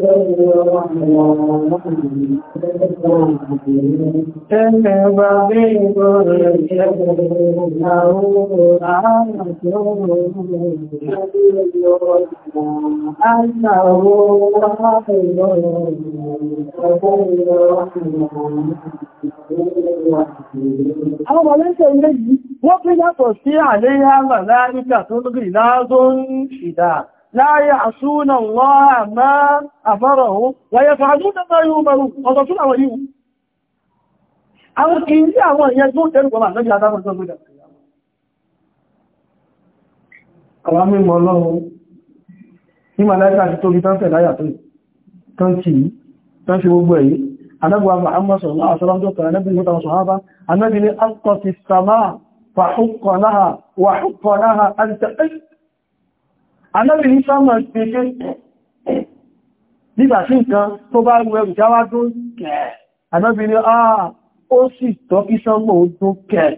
Àwọn ọmọ lẹ́sẹ̀ ilé yìí, wọ́n fi yàtọ̀ sí àléyà màláríkà tó lórí láàzó ń لا يعصون الله ما أمره ويفعلون ما يؤمرون ọ̀tọ̀tún àwọn yíò àwọn kìí rí àwọn èèyàn tó tẹ́rù pọ̀lá lọ́bí adáwọn tó gbọ́dọ̀ àwọn mímọ̀ lọ́wọ́ ní màláíkà ti tóbi tán tẹ̀lá yàtọ̀ tán kì í tán fi gbogbo èyí anábùwà Muhammad sallallahu alaihi wasallam tó kàrà nẹ́bí mọ́ta sọ̀hábá anábì ní ti sàmà fàhùkọ̀ náà wàhùkọ̀ náà àti tẹ̀lẹ́ anábì ní sọ́mọ̀ ṣe ṣe nígbà sí nǹkan tó bá rú ẹrù jáwá dún kẹ́ anábì ní àà ah, ó sì tọ́ kí sọ́mọ̀ ó dún kẹ́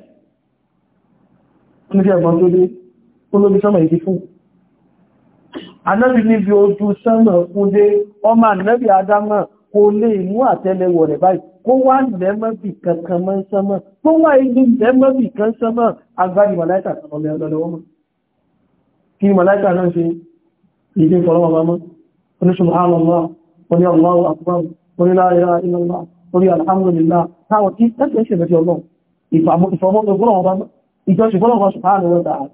ní ẹgbọ́n tó dé olóbi sọ́mọ̀ ìdí fún anábì níbi ojú sọ́mọ̀ fún dé ọmọ anábì adámọ̀ kò lè mú àtẹ́lẹwọ̀ rẹ̀ báyìí kó wá lẹ́mọ́bì kankan mọ́ sọ́mọ̀ tó wá ilú lẹ́mọ́bì kan sọ́mọ̀ agbáyìmọ̀ láìta ọmọ ẹlọ́lọ́wọ́mọ́ kí ni màláìkà náà ṣe ìdí ìfọ̀lọ́wọ̀ bá mọ́ oní subhanallah oní allahu akbar oní la ilaha illallah oní alhamdulillah táwọn tí ẹgbẹ́ ṣe lẹ́tí ọlọ́run ìfọ̀mọ́ ìjọsìn fọ́lọ́wọ́ subhanahu wa ta'ala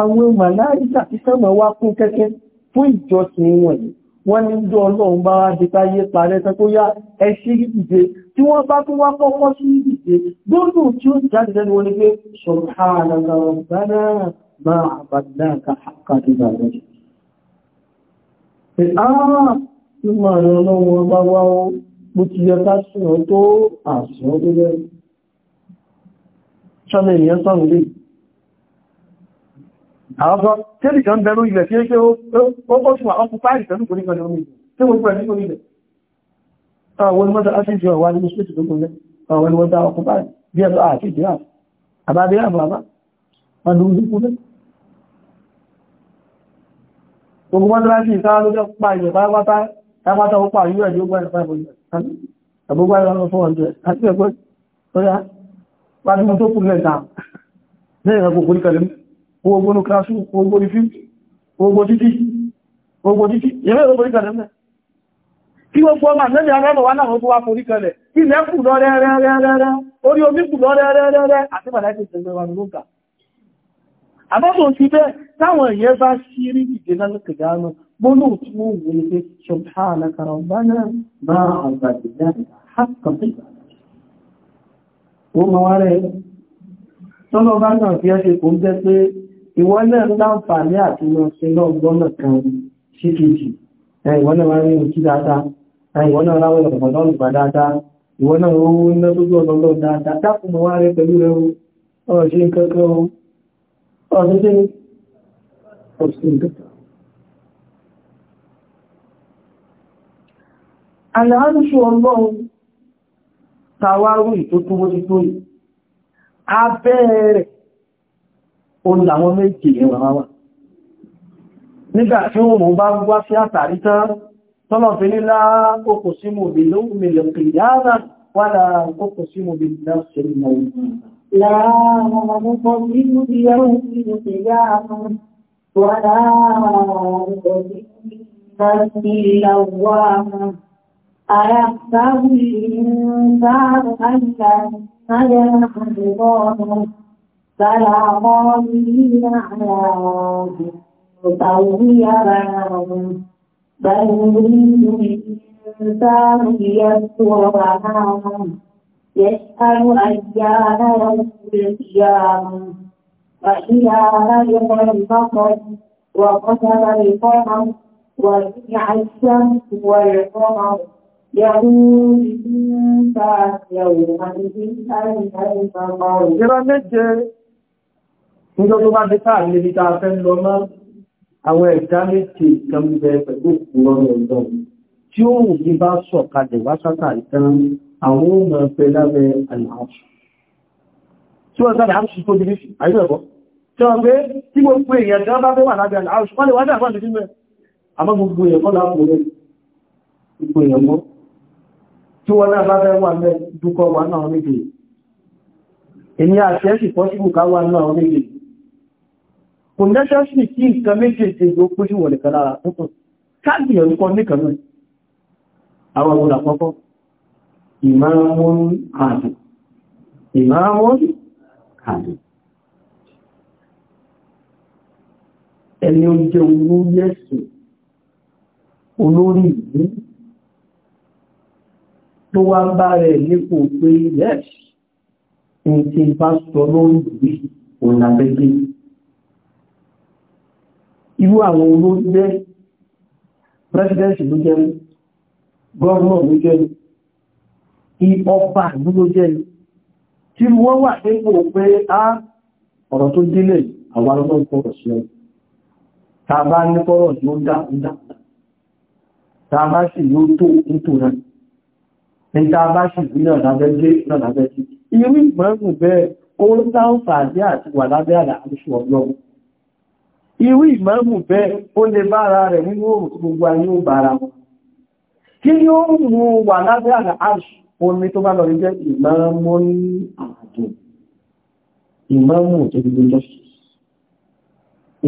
àwọn màláìkà tí sẹ́mọ̀ wá kún kẹ́kẹ́ fún ìjọsìn wọn yìí wọ́n ní jọ ọlọ́run bá dìta yé parẹ́ tẹ́ tó yá ẹṣí ìdíje tí wọ́n bá tún wá kọ́kọ́ sí subhanallah ما عبدناك حق عبادته Ìmọ̀ àwọn ọlọ́run ọba wá ó, bó ti yẹ ká ṣùnà tó àṣùn tó lẹ́rù. Ṣọ́nà ènìyàn sọ́rùn lè. Àwọn ọkọ̀ tẹ́lì kan bẹ̀rù ilẹ̀ tí ó ṣe ó kọ́ ṣùgbà ọkù fáìlì tẹ́lù kò ní kan lórí ilẹ̀. Tí wọ́n gbẹ̀rẹ̀ nítorí ilẹ̀. Àwọn olùmọ́ta á sì jẹ́ ọ̀wá nínú ṣètò tó gúnlẹ̀. Àwọn olùmọ́ta ọkù fáìlì bí ẹ̀ gbogbo mọ́sánásí ìsára ló pa ìyẹ̀ kí gbogbo ọmọ lẹ́yìn arẹ́bọ̀ wá náà tó wá forí kẹlẹ̀ kí lẹ́kù lọ rẹ́rẹ́rẹ́rẹ́ orí omi kù lọ rẹ́rẹ́rẹ́rẹ́ àti àbọ́bọ̀ sí bẹ́ táwọn èèyàn bá sí rí ìdè lálùkìdánù gbónú tí wọ́n wù ní pé subhanaka rabbana bá àgbàdìdá àkàtà ó ma wá rẹ̀ tọ́lọ bá náà fi ẹ́ṣe kan sí kejì ìwọ́lẹ̀ wá rí òkú dáadáa ìwọ́lẹ̀ ráwẹ̀ ọ̀pọ̀lọ́ ìgbà dáadáa ìwọ́lẹ̀ owó iná tó gbọ́ ọlọ́lọ́ dáadáa dákùnmọ̀ wá rẹ̀ pẹ̀lú rẹ̀ ọ̀ṣẹ́ ọdún tí ní ọ̀sìn ìgbẹ̀ta. Àlàáṣù ọlọ́run tàwárù ìtótúwó ti tó yìí, abẹ́ẹ̀rẹ̀ òun làwọn méjì ẹwà wá. Nígbà tí ó mọ̀ bá wá sí àtàrí tán, tọ́lọ̀ fi nílá kòkò sí mò bí lóòmìnà kìí yára wádà kòkò sí náà ṣe mọ̀ لا أقسم بيوم القيامة ولا أقسم بالنفس اللوامة أيحسب الإنسان أن لن نجمع عظامه فلا قادرين على تسوي بنانه بل يريد الإنسان ليستر بنانه يسأل أيان يوم القيامة وإلى يوم البصر وقتل القمر وجمع fẹ́ lọ mọ́ àwọn ẹ̀dá méje kan pẹ̀lú òkú ọ̀dọ́ tí ó wù ní bá sọ̀kalẹ̀ wá sátà àwọn ọmọ ẹ̀fẹ́ fẹ́ lábẹ́ àlàáṣù wọ́n lè wá dáàbà nìtí mẹ́ wà náà méje èmi àti ẹ́sì pọ́síbù ká kí nǹkan méje ti ló pé sí wọ̀lẹ̀ kan lára káàdì ẹ̀rùkọ́ níkan náà àwọn ọmọdà kọ́kọ́ ìmáàmùn àdùn ìmáàmùn àdùn ẹni ó jẹ́ olórí ẹ̀sìn olórí ìlú tó wá bá rẹ̀ nípò pé yes ní ti bá sọ lórí ìlú irú àwọn olórí bẹ́ẹ̀ president ló jẹ́ gọ́ọ̀nà ló jẹ́ ọba ìlú ló jẹ́ tí wọ́n wà nípò pé á ọ̀rọ̀ tó délé àwọn ọlọ́run kọ̀rọ̀ sí ọ tàbá ní kọ́rọ̀ tí ó dá ìdá tàbá sì ló tó nítò rẹ̀ ní tàbá sì bí náà lábẹ́ jẹ́ náà lábẹ́ jẹ́ irú ìgbẹ́gùn bẹ́ẹ̀ ó ń dáúfà àdé àti kí ni ó mú wà lábẹ́ àlà àmúṣù omi tó bá lọ rí jẹ́ ìmọ̀ọ́mọ́ ní àjò ìmọ̀ọ́mù tó gbogbo jọ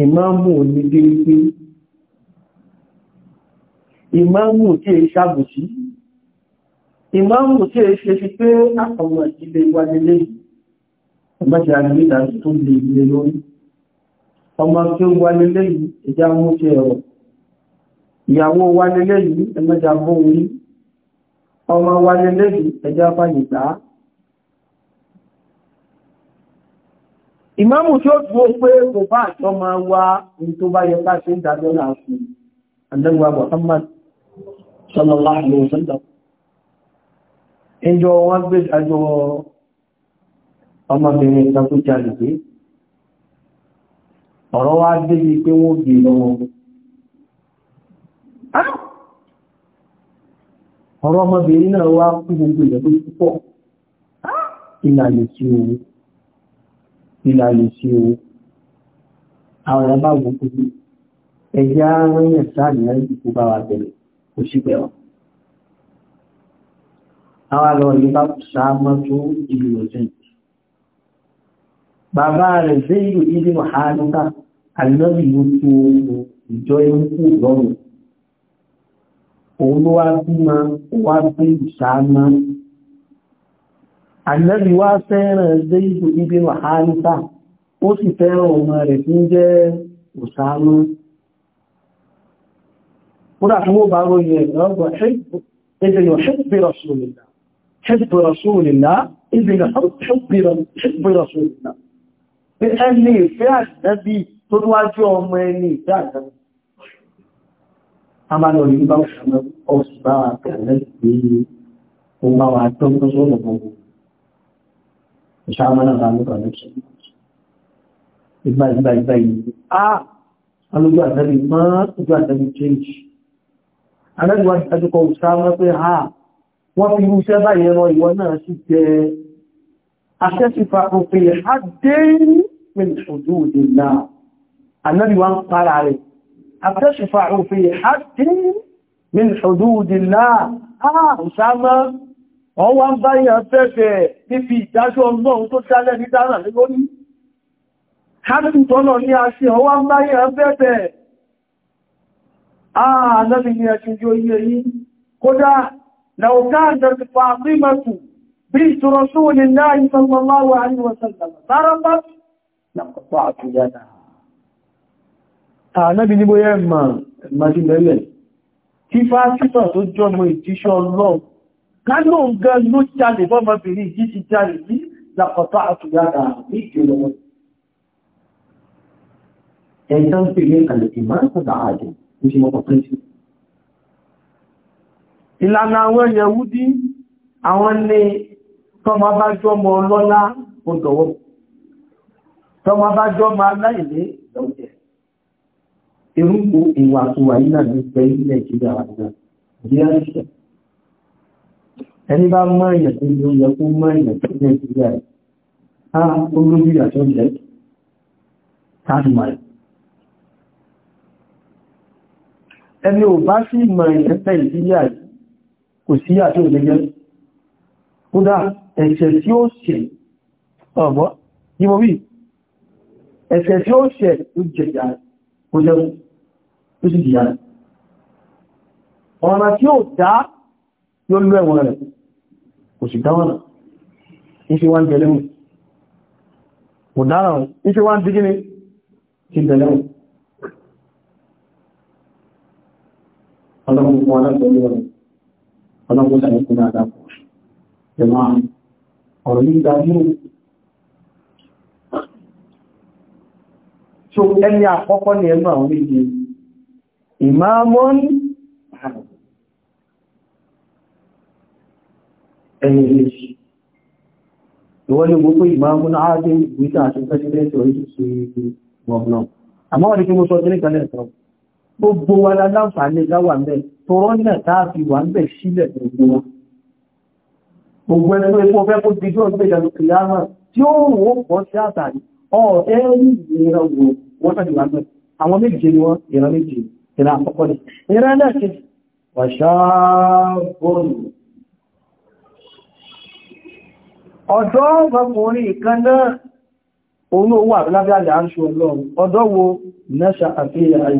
ìmọ̀ọ́mù ní déédé ìmọ̀ọ́mù tí è ṣàbùsí ìmọ̀ọ́mù tí è ṣe fi pé àkọ̀wọ̀ ìdílé wa nílé ọgbẹ́sì agbẹ́ta tó lè lè lórí ọmọ tí ó wà nílé ìjà mú ti ẹ̀rọ ìyàwó wà nílé yìí ẹmẹ́jà ọmọ wáyé lẹ́bí ẹjá fàyè gbá ìmáàmù tí ó dúró pé kò bá àjọ máa wá ní tó bá yẹ ká ṣe ń dájọ́ láàfin àdẹ́gbà Muhammad sallallahu alaihi wasallam ẹjọ́ wọ́n gbé àjọ ọmọbìnrin ìtàkùn jalè pé ọ̀rọ̀ wá débi pé wọ́n gbé lọ́wọ́ ọ̀rọ̀ ọmọbìnrin náà wá kú gbogbo ìyẹ̀kú púpọ̀ ìlàlè sí owó ìlàlè sí owó àwọn ẹ̀bá gbogbo ẹjá rẹ̀yẹ̀ sáàdìyàn ìkú bá wa bẹ̀rẹ̀ kò sí pẹ̀wọ̀ àwọn àlọ́ yìí bá kù sáàmọ́ tó ìlú ọ̀sẹ̀ bàbá rẹ̀ zéyìí ìdí mọ̀hánúkà àlọ́bì ló tó ìjọ ẹ̀kú lọ́rùn òun ló wá bímọ wá bí ìṣáná ànábì wá fẹ́ràn zéìdù ibi wàhálítà ó sì fẹ́ràn ọmọ rẹ̀ tí ń jẹ́ òṣáná kúrò àti wọ́n bá ròyìn ẹ̀rọ̀gbọ̀n ẹgbẹ̀rẹ̀ ṣẹ́gbẹ̀ rọ̀ṣùlùmá ṣẹ́gbẹ̀ rọ̀ṣùlùmá ìbìnà ṣẹ́gbẹ̀ rọ̀ṣùlùmá 他们有一帮什么二十八感恩节，红包啊，都都说的不，他们那他们可能是一百一百一百一啊，他们赚的比么赚的比真去，啊，那我他就搞啥么子哈，我比如现在也我我那是的，啊，这是发布费，还得 من حدود الله النبي وان قال عليه أتشفع في حد من حدود الله آه أسامة ọwọ́ ń báyàn fẹ́fẹ́ níbi ìdájọ́ ọlọ́run tó dálẹ̀ ní dára lórí. hamiltona ní a ṣe ọwọ́ ń báyàn fẹ́fẹ́ àà lọ́bí ní ẹ̀ṣin yóò yẹ yí kódà láòká àjọsí fàáfímọ̀tù bí ìtùrọ̀súwò lè láàrín sallallahu alaihi wasallam ànábi ní bóyá ẹ̀mà ìmájúmẹ́lẹ̀ tí fásità tó jọmọ ìtíṣọ́ ọlọ́run kánò gan ló jalè fọ́mọbìnrin yìí ti jalè sí lápọ̀tọ́ àtúgbàdà ní ìjọlọ́wọ́ ẹ̀yìn tán pè ní àlè ìmáàkùnlá àdè ní ṣe mọ́kọ̀ pẹ́sì ìlànà àwọn Yẹhudi àwọn ní tọ́mọ bá jọmọ ọlọ́lá ó dọ̀wọ́ tọ́mọ bá jọmọ aláìlé irúgbó ìwà àtúwà yìí náà ní pẹ́ ilẹ̀ ìjìdá àjọ ìjìdá ìṣẹ́ ẹni bá mọ́ èèyàn tó ló yẹ kó mọ́ èèyàn tó lẹ́ ìjìdá rẹ̀ á olóbi àtọ́ jẹ́ tàbí ẹni ò bá sí mọ̀ èèyàn pẹ́ ìjìdá rẹ̀ kò sí àtọ́ ìjẹ́jẹ́ kódà ẹ̀ṣẹ̀ tí ó ṣẹ̀ ọ̀bọ̀ ní mo ẹ̀ṣẹ̀ tí ó ṣẹ̀ ló jẹ̀jà rẹ̀ ó jẹ́ ó sì dìyà rẹ̀ ọ̀nà tí ó dá yóò lọ ẹ̀wọ̀n rẹ̀ kò sì dáwọ̀nà iṣẹ́ wá ń tẹ̀lé mú kò dára wọn iṣẹ́ wá ń tí gíní ti tẹ̀lé mú ọlọ́pùpù aláàtọ̀lú ọlọ́pùpù sàrẹ́kùnrin àdàpọ̀ jẹ̀mọ́ so ẹni àkọ́kọ́ ni ẹnu àwọn méje ìmáàmọ́n ẹni méjì ìwọ́n ni gbogbo ìmáàmọ́n áádé ìgbìta àti pẹ́sìdẹ́ntì oríṣìí sí gọ́ọ̀nà àmọ́ wọ́n ni kí mo sọ tíní kan lẹ́ẹ̀kan gbogbo wa la láǹfààní láwà mẹ́ tọrọ náà táà kó dijú ọ̀gbẹ̀dà lókè yára tí ó wò pọ̀ sí àtàrí ọ̀ ẹ̀rí ìran wo wọ́n tàbí wà mẹ́rin àwọn méjì ni wọ́n ìran méjì ìran àkọ́kọ́ ni ìran náà ṣe wàṣáàbọ̀nù ọ̀dọ́ ọmọkùnrin kan náà òun ló wà lábẹ́ àlẹ́ àṣọ ọlọ́run ọ̀dọ́ wo nẹ́ṣà àfihàn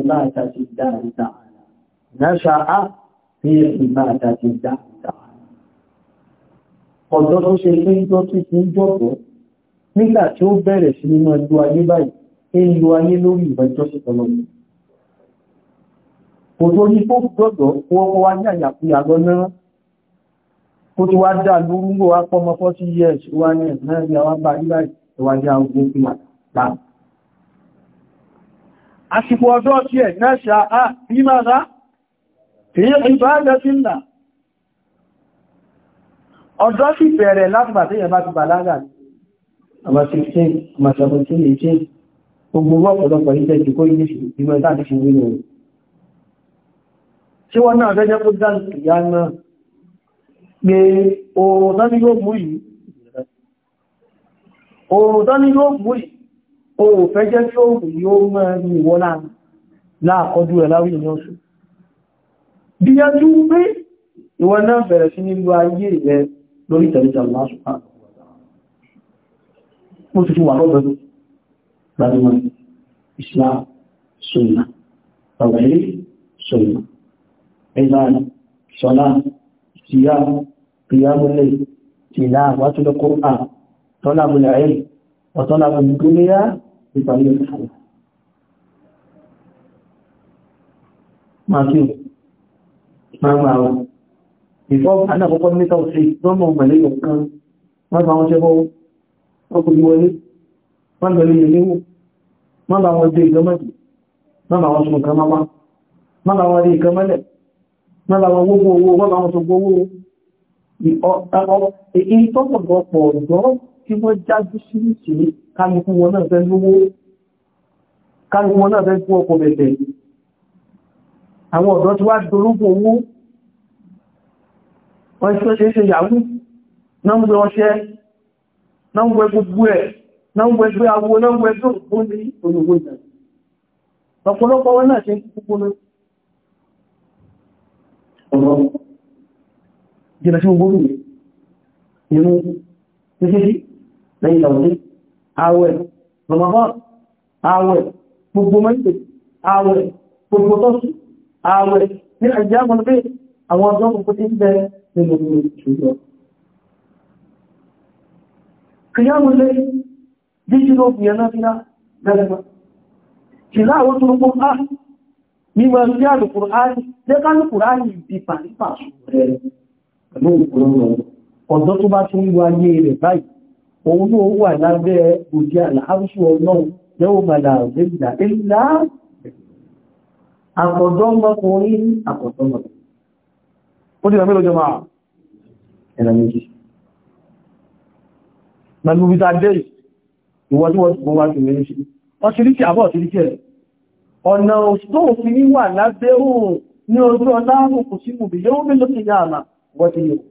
ìmá àtàtì dáadáa nígbà tí ó bẹ̀rẹ̀ sí nínú ẹlú ayé báyìí ń lo ayé lórí ìbẹ̀jọ́sí ọlọ́run kò tó ní fó gbọ́dọ̀ wọ́pọ̀ wá ní àyàkúyà lọ́nà kó tó wá dá lórúgbò wá pọ́mọ 40 years wá ní ẹ̀sìnlẹ́gbẹ̀ wá bá rí báyìí ìwájá ogun pìlà láà àsìkò ọjọ́ tí ẹ̀ bá ti bàlágà ní àmà 16 àmà 17 18 gbogbo ọ̀pọ̀lọpọ̀ ìjẹ́ ìjẹ́ kó ilé ìgbìmọ̀ ìtàdì fi wínú rẹ̀ tí wọ́n náà fẹ́jẹ́ kó dá ìyá náà pé oòrùn tání yóò mú yìí oòrùn tání yóò mú yìí oòrùn fẹ́jẹ́ tí ó mú yóò mọ́ ní ìwọ́ láàkọjú rẹ̀ láwí ní oṣù mo ti fi wà lọ́dọ̀ gbajúmọ̀ Islam sunna tàwẹ̀rí sunna ìlànà sọ́lá ìsìyà qiyamul-layl tilawatul Qur'an talabul ilm wa talabud dunya bi tariqil halal Máàkì máa máa wọn. Ìfọ́ alákọ̀ọ́kọ́ ní Tàwùsí, lọ́mọ̀ mẹ́lẹ́yọ̀ kan, wọ́n máa wọ́n ṣẹ́gbọ́n wọ́n kò yíwọ ilé wọ́n lọ ilé wọn dé ìgbọ́mọ̀dì wọ́n wọn sùn kan máa wọ́n wọn rí ìkan owó wọ́n bá wọn sọ ọ̀dọ́ tí wọ́n jájú sí ìṣẹ́ kálukú wọn náà fẹ́ lówó kálukú wọn náà fẹ́ fún ọkọ̀ bẹ̀bẹ̀ náà wẹ gbogbo ẹ̀ náà wẹ gbé awo náà wẹ tó kó ní olùgbò ìjà ọ̀pọ̀lọpọ̀ wọn náà ṣe ń púpọ̀ lọ ọ̀rọ̀ jìnà sí gbogbo rẹ̀ inú títí lẹ́yìn ìlàwọ̀dé ààwẹ̀ ramadan ààwẹ̀ gbogbo mẹ́lẹ̀ ààwẹ̀ gbogbo tọ́sù ààwẹ̀ ní àjẹ́ àwọn àwọn ọdún kò ń bẹ nínú ìṣòro Kìyàmù lè jíjì ló fi ẹ̀nà fíra gẹ́gẹ́gbà. Kìlá àwọn tó rúkú á ní wọ́n rí àlùkùrù áàrì, jẹ́ ká lùkùrù áàrì bí pàrípà ọ̀dọ́ tó bá tún wà ní rẹ̀ báyìí, òun ló wà lábẹ́ òjì àlàáfíṣù ọlọ́run yóò mẹ́lá òjèjìdá ilá àkọ̀dọ́mọkùnrin àkọ̀dọ́mọkùnrin. Ó dí pẹ̀lú bí tàbí ìwọ́n tí wọ́n wá ti mẹ́rin sí wọ́n ti rí kí àbọ̀ ti rí kí ẹ̀ ọ̀nà tó fi ní wà lábẹ́ òun ní ojú ọlá òkú sí mú bí yóò bí lókè ní àmà wọ́n ti yóò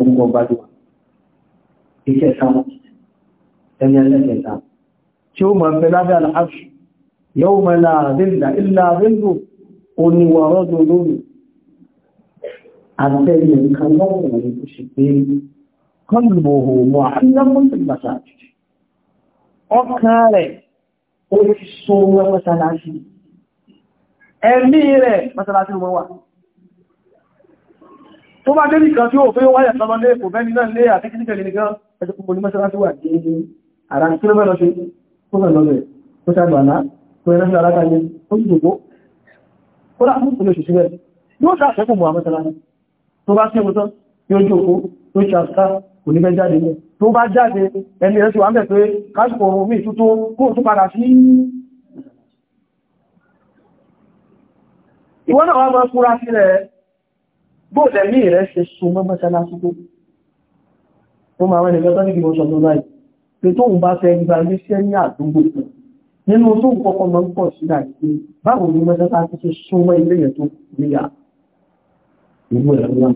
ọmọ gbájúwà iṣẹ́ sáwọn ẹni tí ó mọ̀ ń lábẹ́ aláàṣù yóò mọ̀ láàrínlá ilá rínlù oníwọ̀rọ̀ lórí àtẹ́yìn kan lọ́wọ́ kọlùbòhò mọ̀ àríyànmọ́sílmàsáàjì ọkàn rẹ̀ ó ti so wọ́n mọ́sálásí ẹ̀mí rẹ̀ mọ́sálásí wọ́n wà tó bá débì kan tí ó fẹ́ wáyà sọmọlé kò bẹ́ni náà lé àti kíníkẹ̀lì nìkan ẹ̀sẹ̀ púpọ̀ ní mọ́sálásí wà ní ara kí ló mẹ́lọ ṣe tó mẹ́lọ rẹ̀ tó ṣàgbà náà tó ẹ̀rẹ́ sí aláta ní ó sì dòkó ó dá fún olóṣù síbẹ̀ yóò ṣàṣẹ́kù mọ́ àmọ́sálásí tó bá sí ẹ̀mọ́tán yóò jókòó tó ṣàṣẹ́ kò ní fẹ́ jáde tó bá jáde ẹni ẹ̀ṣù wà ń bẹ̀ pé kásìkò ohun mi tútó kó tún padà sí ìwọ́n náà wá mọ́ fúra sí rẹ̀ bóòlẹ̀ ní rẹ̀ ṣe so mọ́ mọ́sálásí tó ó máa wẹ́n ìgbẹ́tọ́ ní ìgbọ́sọ̀ tó láì pé tó ń bá fẹ́ gba iléeṣẹ́ ní àdúgbò kan nínú tó ń kọ́kọ́ mọ́ ń pọ̀ sí láìpé báwo ni mọ́sálásí ṣe so mọ́ ilé yẹn tó níyà ìlú ẹ̀rọ náà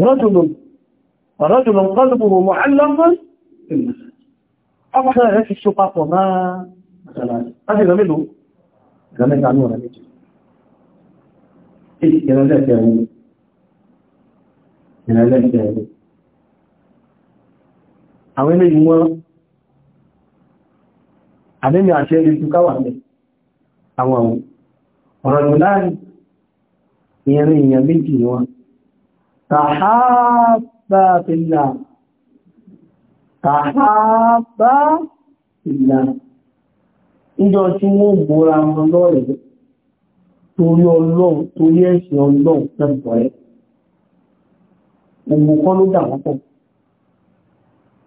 رجل رجل قلبه معلم أفضل هذه الشقاق وما مثلا هذه غمله غمل عنوة إيه إنا لا تعلم إنا لا تعلم àwọn ilé ìwọ̀n àdínì àti ẹ̀rí tó káwà ní àwọn àwọn ọ̀rọ̀ láàrin ìyẹn ìyẹn méjì wọn tàhábà fìlà tàhábà fìlà ìjọ tí wọ́n gbóra wọn lọ́rẹ̀ torí ọlọ́run torí ẹ̀sìn ọlọ́run tẹ́bọ̀ ẹ̀ òun kọ́ ló dà wọ́pọ̀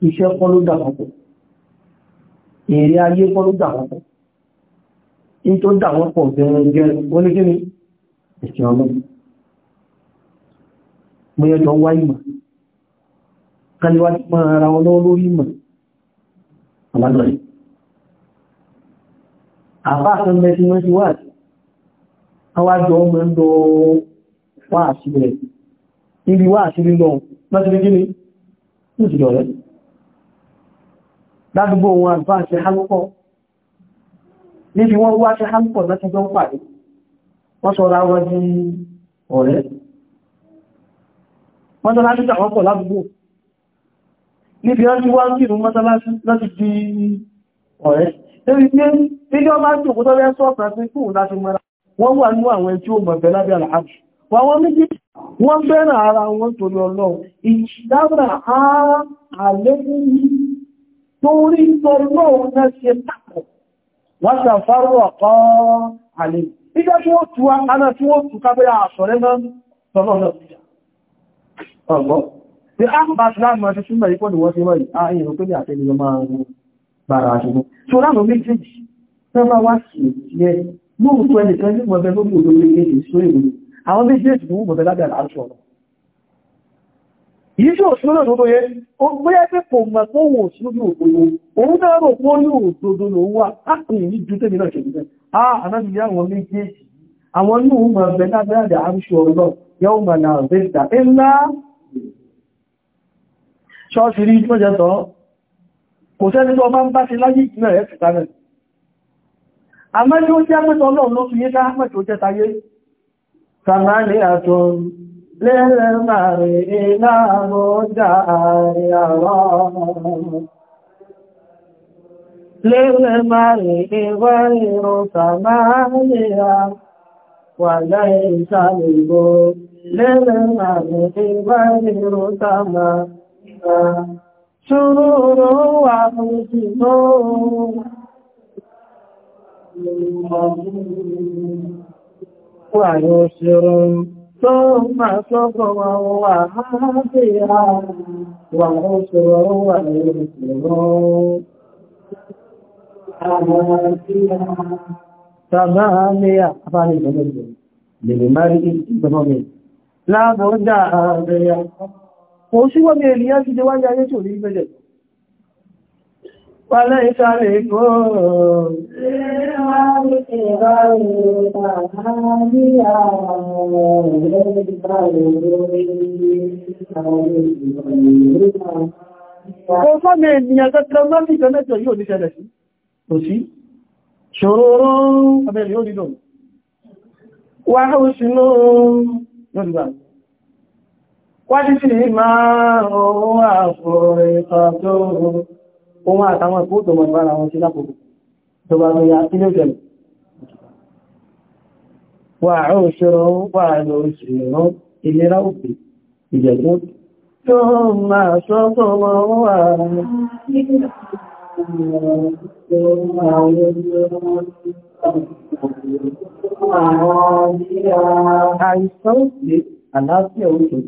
iṣẹ́ kọ́ ló dà wọ́pọ̀ èrè ayé kọ́ ló dà wọ́pọ̀ in tó dà wọ́pọ̀ gẹ̀rẹ̀gẹ̀rẹ̀ oníkíní ẹ̀sìn ọlọ́run mọ́yọ́jọ́ wá ìmọ̀ kaliwájú mọ́ ara wọn lọ́wọ́ lórí ìmọ̀ àbádọ́rí àbáṣán mẹ́sí mọ́ sí wáàtí awájọ́ ọmọ ń lọ wáàtí rẹ̀ níbi wáàtí lílọ mọ́sílẹ̀ gíní ní ìjọ rẹ̀ ládùgbò wọn àbáṣẹ́ hálùkọ́ níbi wọ́n wáṣẹ́ hálùkọ́ láti pàdé wọ́n sọ ọ̀rẹ́ mọ́sálásí tàwọn pọ̀ lábúgbò níbi ọ́n ti wá sí ìrún mọ́sálásí láti di ọ̀rẹ́ lórí pé ilé ọmọ tí òkú tọ́lẹ́ sọ́ọ̀tà sí kúrò láti mọ́ra wọ́n wà ní àwọn ẹni tí ó mọ̀ bẹ̀rẹ̀ lábẹ́ àlàájì wọ́n méjì wọ́n bẹ̀rẹ̀ ara wọn torí ọlọ́run ìṣìdábà á àlékún yìí torí ọlọ́run náà ṣe tàpọ̀ wọ́n ṣàfárọ̀ ọ̀kọ́ àlè nígbà tí wọ́n tú á kánà tí wọ́n tú kábẹ́ àṣọ̀rẹ́ náà tọ́lọ́lọ́ ọgbọ́ tí a bá ti láàmù ọdún súnmọ̀ yípo ni wọ́n ti wọ́n ààyè ìrùpé ní àtẹ́lẹ̀ ọmọ ààrùn bàrà àṣìkò tí ó láàmù méjèèjì tí wọ́n bá wá sí ẹ lóòótọ́ ẹnìkan ní mọ̀bẹ lórí òdòdó méjèèjì sórí ìwòye àwọn méjèèjì ló mọ̀bẹ lábẹ́ àlàáṣọ ọ̀rọ̀ yìí ṣe òṣìlú lọ́dọ̀ tó yẹ ó gbéyẹ́ mọ̀ bẹ́ẹ̀ ah anábìyí àwọn méjèèjì àwọn inú mọ̀bẹ lábẹ́ àlàáṣọ ọ̀rọ̀ yóò mọ̀ náà bẹ́ẹ̀ ṣọ́ọ̀ṣì rí tó tọ́ kò sẹ́ni tó máa ń bá ṣe láyé ìpínlẹ̀ rẹ̀ ti tánà àmá ní ó jẹ́ mẹ́ta ọlọ́run ló lẹ́rẹ̀ màrí iná àmọ́jà ìrùn sàmàlì Ṣúrúrú wà mújì lóòrùn. Wà yóò ṣeré tó máa sọ́kọ̀ wọn wà hábí ààrùn. Wà yóò ṣeré wà yóò ṣeré. Tàbáàmíyà, àbáàmì ìgbẹ̀mọ̀ ìgbẹ̀mọ̀ ìgbẹ̀mọ̀ kò sí wọ́n mi ènìyàn ti jẹ wáyé ayé tí ò ìgbẹ́jẹ̀ Pàlẹ́ ìsàlẹ̀ ìkó Kò fọ́mí ènìyàn kẹtẹrẹ mọ́sí ìtẹ́lẹ́tọ̀ yóò ní ṣẹlẹ̀ sí, kò sí, ṣòro ọ̀rọ̀ abẹ́rẹ̀ yóò nílò. Wà wájíjì máa ohun àfòrè ìtàjò ohun àtàwọn ẹ̀kú tó mọ̀ ìbára wọn sí lápòrò tó bá rí akílé ìjẹ̀lẹ̀ wà òṣèrò wà lóṣèrò ìlera Àìsàn òṣèrè àlàáfíà òṣèrè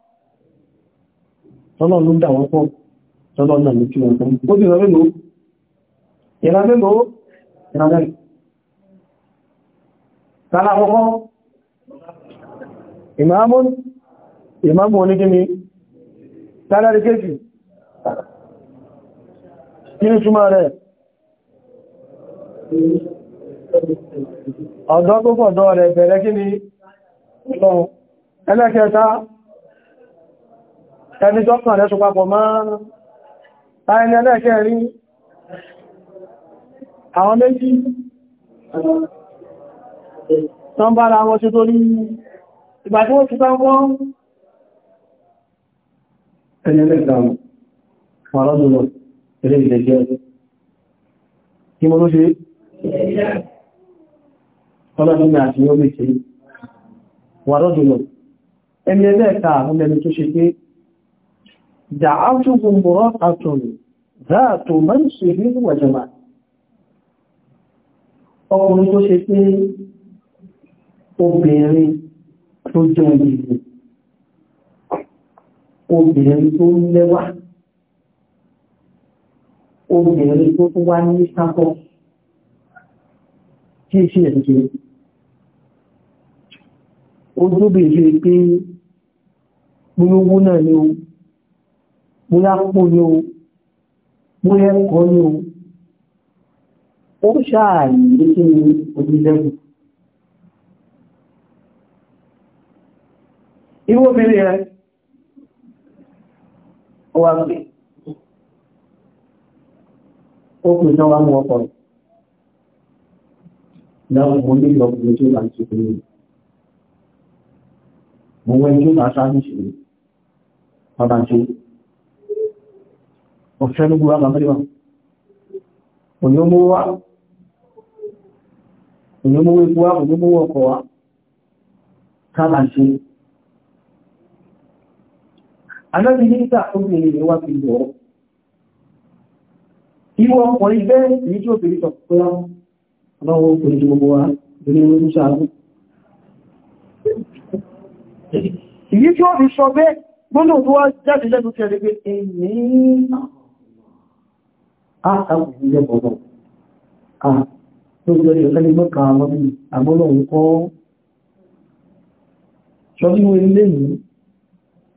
Ọlọ́run ló dà wọ́n pọ̀ tọ́lọ́run náà ní kí wọ́n fún. Ó ti rọ mẹ́lòó? Ìrà mẹ́lòó? Ìrà mẹ́lòó? Tàlà ọkọ́? Ìmáàmù? Ìmáàmù oníkíní? Tàlà rí kéèkì? Kí ni túmọ̀ Ọ̀dọ́ rẹ̀ bẹ̀rẹ̀ kí ni? Ẹlẹ́kẹta? ẹni tọ́kàn rẹ̀ ṣùpapọ̀ máa ẹni ẹlẹ́ẹ̀kẹ́ rí àwọn méjì tán bára wọn ṣe tó rí ìgbà tí wọ́n ti tán wọ́n ẹni ẹlẹ́ẹ̀kẹ́ àwọn ọlọ́dún ilé ìdẹ̀jẹ́ kí mo ló ṣe ọlọ́dún ní àti yóò méjì wà rọ́dún lọ ẹni ẹlẹ́ẹ̀kẹ́ àwọn ẹni tó ṣe pé دعوتهم امرأة ذات منصب وجمال ọkùnrin tó ṣe pé obìnrin tó jẹ́ ìlú obìnrin tó lẹ́wà obìnrin tó tún wá ní sápọ̀ kí ṣe ẹ̀jẹ́ ojúbìnrin pé gbogbo náà ni bóyá pò ní o bóyá ẹ̀kọ́ ní o ó ṣààyè kí ni onílẹ́gbù irú obìnrin rẹ̀ ó wá pè ó pè tán wá mú ọkọ̀ lọ́wọ́ mo ní lọ́kùnrin tó mo wẹ́ tó bá sáà ṣe ọba ń ọ̀fẹ́ gbogbo àgbàmọ́lẹ́wà òyómówó ikú wá òyómówó ọkọ̀ wá káàbà ṣe anábi nígbà obìnrin ni wá fi lọ ìwọ ọkọ̀ ibẹ́ ní tí obìnrin sọ pé ọlọ́wọ́ obìnrin gbogbo wa lórí orí sáàrùn ìyí tí ó fi sọ bẹ́ gbọ́nà tó wá jáde lẹ́nu àtàkùn ilẹ̀ bọ̀bọ̀ tó jẹ́ ìrẹ́lẹ́ mọ́ka lọ́bí àmọ́lọ́run kọ́ ṣọ́bíwé ilé yìí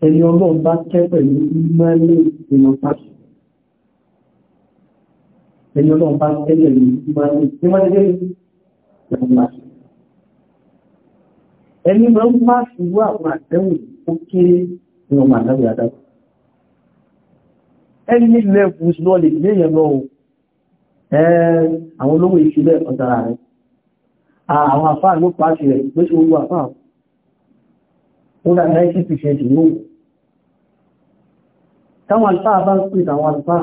ẹni ọlọ́run bá kẹ́ pẹ̀lú ìmọ́lẹ̀ ìmọ̀tàkì ẹni ọlọ́run bá kẹ́ pẹ̀lú ìmọ́lẹ̀ ìmọ̀tàkì ẹni mọ́ any level is not lè léyìn lọ àwọn olówó ìṣẹ́lẹ̀ ọ̀tara rẹ̀ ah, àwọn àfáà ló pàṣẹ rẹ̀ pé ṣe owó àfáà ó dá 90% ló táwọn àfáà bá ń pè àwọn àfáà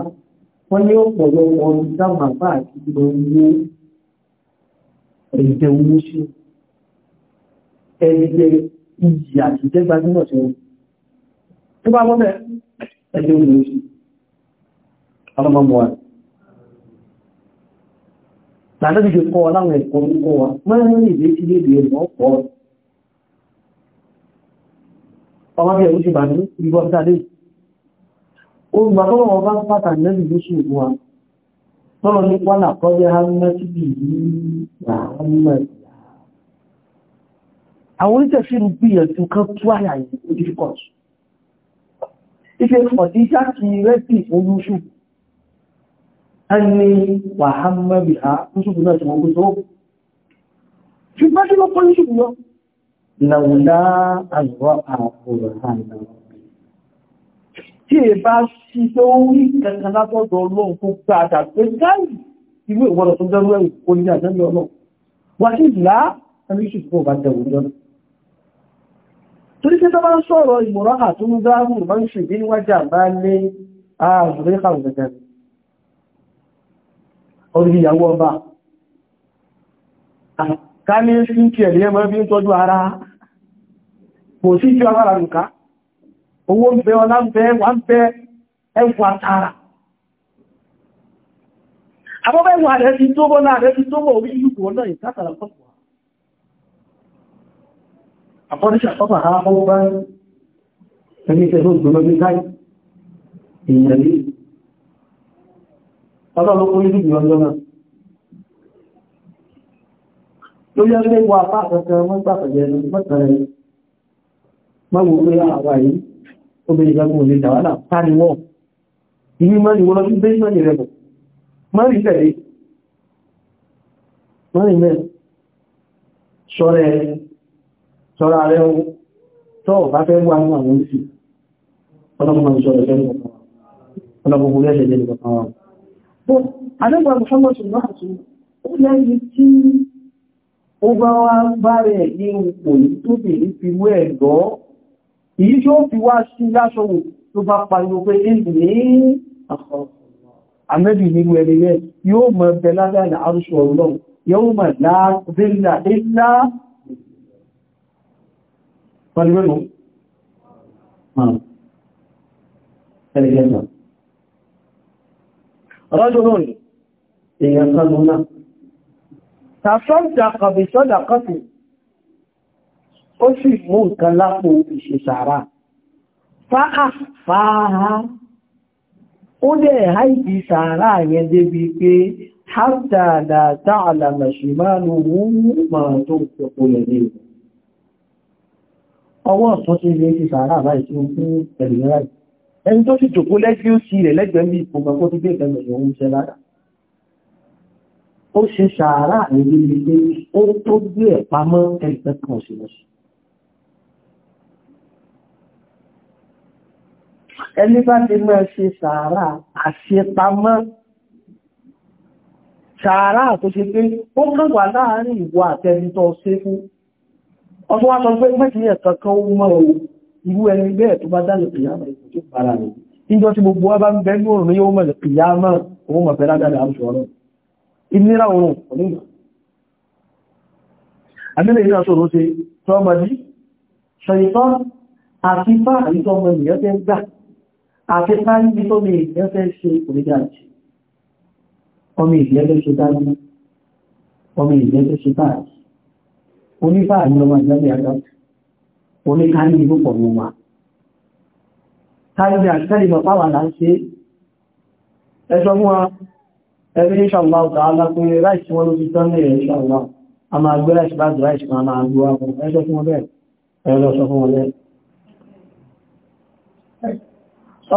wọ́n ní ọ̀pọ̀lọpọ̀ ọdún táwọn àfáà ti lọ ẹ̀jẹ̀ ọlọ́mọmọ wa lànàbí ṣe kọ́ láwọn ẹ̀kọ́ orúkọ wa mẹ́rin ìdí tí lè bèèrè wọ́n pọ̀ ọmọ bí ẹ̀rú ṣe bà ní ìlú ọ̀dádé olùgbà tọ́lọ̀ wọn bá pàtà lẹ́bí ló ṣe ìwà tọ́lọ̀ ní pọ́nà kọ́jẹ́ hámẹ́tìbì ẹni wàhámẹ́bì ha ṣùgbù náà ti wọ́n gbogbo ṣùgbọ́n tí ó kọ́ ní ṣùgbù lọ lọ́wọ́dá àzọ́ àkùrọ̀ àná tí è bá ṣí tó rí kankan látọ́dọ̀ ọlọ́run kó gbá àdà pé gáì ìlú ìwọ̀lọ̀ tó dẹ́rú ẹ̀rù kó ní àjẹ́lẹ̀ ọlọ́run wà sí ìlà ẹni ṣùgbù bá dẹ̀wò jọ torí kí tó bá ń sọ̀rọ̀ ìmọ̀ràn àtúnúgbárùn-ún máa ń ṣèdí níwájà máa ń lé ààrùn rí kàrùn gẹ̀gẹ̀rẹ̀ orí ìyàwó ọba ká ní ṣíkẹ̀ lè mọ́ bí ń tọ́jú ara kò sí tí agbára nìká owó ń bẹ ọlá ń bẹ wà ń bẹ ẹwà tààrà àbọ́bẹ̀ ìwà rẹ̀ ti tó bọ́lá rẹ̀ ti tó bọ̀ orí ìlú ọ̀nà ìtàtàrà pọ̀pọ̀ àpọ́díṣà pọ́pọ̀ àwọn ọmọ bá ń ẹni tẹ́lú ìgbẹ̀lọ́gbẹ̀ láì èèyàn ọlọ́run kó ìlú ìyọjọ́ náà tó yẹ́ lé wà bá àkọ́kọ́ wọ́n gbàfẹ̀yẹ mọ́tàrẹ mọ́wọ́ pé àwà yìí obìnrin ìgbàgbọ́ olè dàwálà tániwọ́ ìní mọ́rin wọ́n lọ́dún bẹ́ẹ̀ mọ́rin rẹ̀ bọ̀ mọ́rin tẹ̀lé mọ́rin mẹ́ ṣọ́rẹ́ ṣọ́ra rẹ̀ tọ́ bá fẹ́ wà ní àwọn oríṣi ọlọ́gbọ̀n Àdọ́gbà Muhammad Ṣùgbọ́n ó lẹ́yìn tí ó bá wá bá rẹ̀ ní ipò yìí tó bèèrè fi wé ẹ̀gọ́. Èyí tí ó fi wá sí láṣọ́wò tó bá pariwo pé ní àmẹ́bì nínú ẹni rẹ̀ yóò mọ̀ bẹ lágbàrà arúṣù ọlọ́run yóò mọ̀ láàrínlá ilá pẹ̀lú ẹ̀nà ẹ̀lẹ́gbẹ̀rẹ̀ rọ́jùlọ́n èèyàn kanú náà tàṣọ́jà kàbí sọ́jà kọ́tù ó sì mú nǹkan lápò ìṣẹ̀ṣàrà fáà fáà ó dẹ̀ haìdì sàárà yẹn débi pé hátà àdàtà àlàmàṣìmánú máa tó pẹ̀pọ̀ lẹ́lẹ́ ọwọ́ ọ̀tọ́ sí ilé ti sàárà báyìí tí fún ẹ̀lẹ́rẹ́ ẹni tó sì jòkó lẹ́gbí ó sí rẹ̀ lẹ́gbẹ̀ẹ́ bí ìpògbà kó ti gbé ìgbẹ̀mẹ̀ ìwọ̀n ṣe lára ó ṣe ṣàárà níbi ilé ó tó gbé ẹ̀ pamọ́ ẹgbẹ́ kan sí lọ sí ẹni bá ti mọ́ ṣe ṣàárà àṣepamọ́ ṣàárà tó ṣe pé ó kọ́gbà láàárín ìwọ àtẹnitọ́ ṣe fún ọdún wá sọ pé mẹ́jì ẹ̀kọ̀ọ̀kan ó mọ́ irú ẹni bẹ́ẹ̀ tó bá dálẹ̀ pìyàmà ìpò tó bára rẹ̀ níjọ́ tí gbogbo wa bá ń bẹ́ lóòrùn ní yóò mọ̀lẹ̀ pìyàmà òun mọ̀ fẹ́lá dáadáa àrùsọ ọ̀rọ̀ ìnira òun onímọ̀ abílẹ̀ ìrìn àṣọ́rọ̀ ṣe tọ́mọdí ṣọ̀yìntọ́ àti fá àyíkọ́ ọmọ ènìyàn fẹ́ gbà àti fá níbi tó lè ènìyàn fẹ́ ṣe orídàájì ọmọ ènìyàn fẹ́ ṣe dáadáa ọmọ ènìyàn fẹ́ ṣe báyìí oníkárí púpọ̀ mú wa. Káríjà kẹ́lìmọ̀ páwà là ń ṣe ẹjọ́ mú wa ẹgbẹ́ ìṣàlá ọ̀tà alákùn ráìsì wọn ló ti tán ní ìṣàlá. A máa gbé ráìsì bá jù ráìsì máa máa gbọ́ àwọn ẹjọ́ fún wọn bẹ́ẹ̀. Ẹ̀rọ sọ fún wọn bẹ́ẹ̀.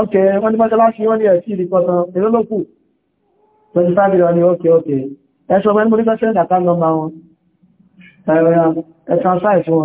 Ok, wọ́n ní mọ́jọ́lá ṣe wọ́n ní ẹ̀sí ìdíkọ̀tàn ìrọ́lọ́kù. 25 million ni ókè ókè. Ẹ̀ṣọ́ mẹ́rin mo ní fẹ́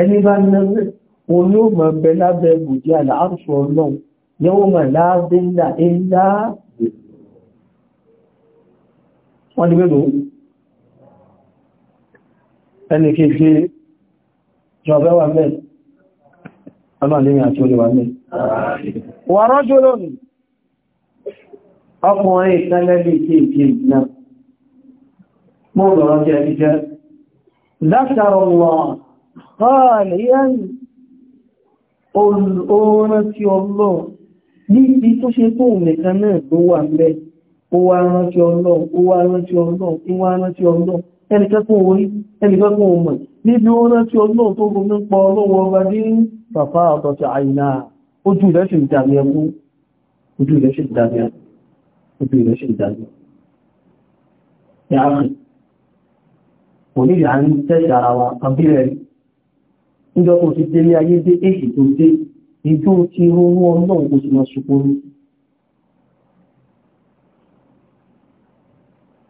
ẹni bá nẹ́rẹ́ wọn yóò mọ̀ bẹ lábẹ́ bùdí àlàáṣọ ọlọ́run yóò mọ̀ láàbí ńlá ńlá wọ́n ni mẹ́lò ẹni kéèké jọba wà mẹ́ ọlọ́lẹ́yìn àti olè wà mẹ́ wà rọ́jò lónìí ọkùnrin ìtẹ́lẹ́lẹ́ kéèké náà mọ́ lọ́rọ̀ jẹ́ Ààlẹ́yàn oòrùn tí ọlọ́run ní ibi tó ṣe tó nìkan náà ló wà mẹ́. Ó wá rántí ọlọ́run, ó wá rántí ọlọ́run, ó wá rántí ọlọ́run, ẹnikẹ́kùn orí, ẹnikẹ́kùn ọmọ. Níbi ó rántí ọlọ́run tó gbogbo ń pa ọlọ́run ọba dé ní bàbá àtọ́tí àìnà ojú rẹ̀ ṣe ìdàmì ẹkú. Ojú rẹ̀ ṣe ìdàmì ẹkú. Ojú rẹ̀ ṣe ìdàmì ẹkú. Yàrá, kò ní níjọ́ tó ti délé ayé dé èyí tó dé ìjó ti ronú ọlọ́run kò sì lọ ṣùgbọ́n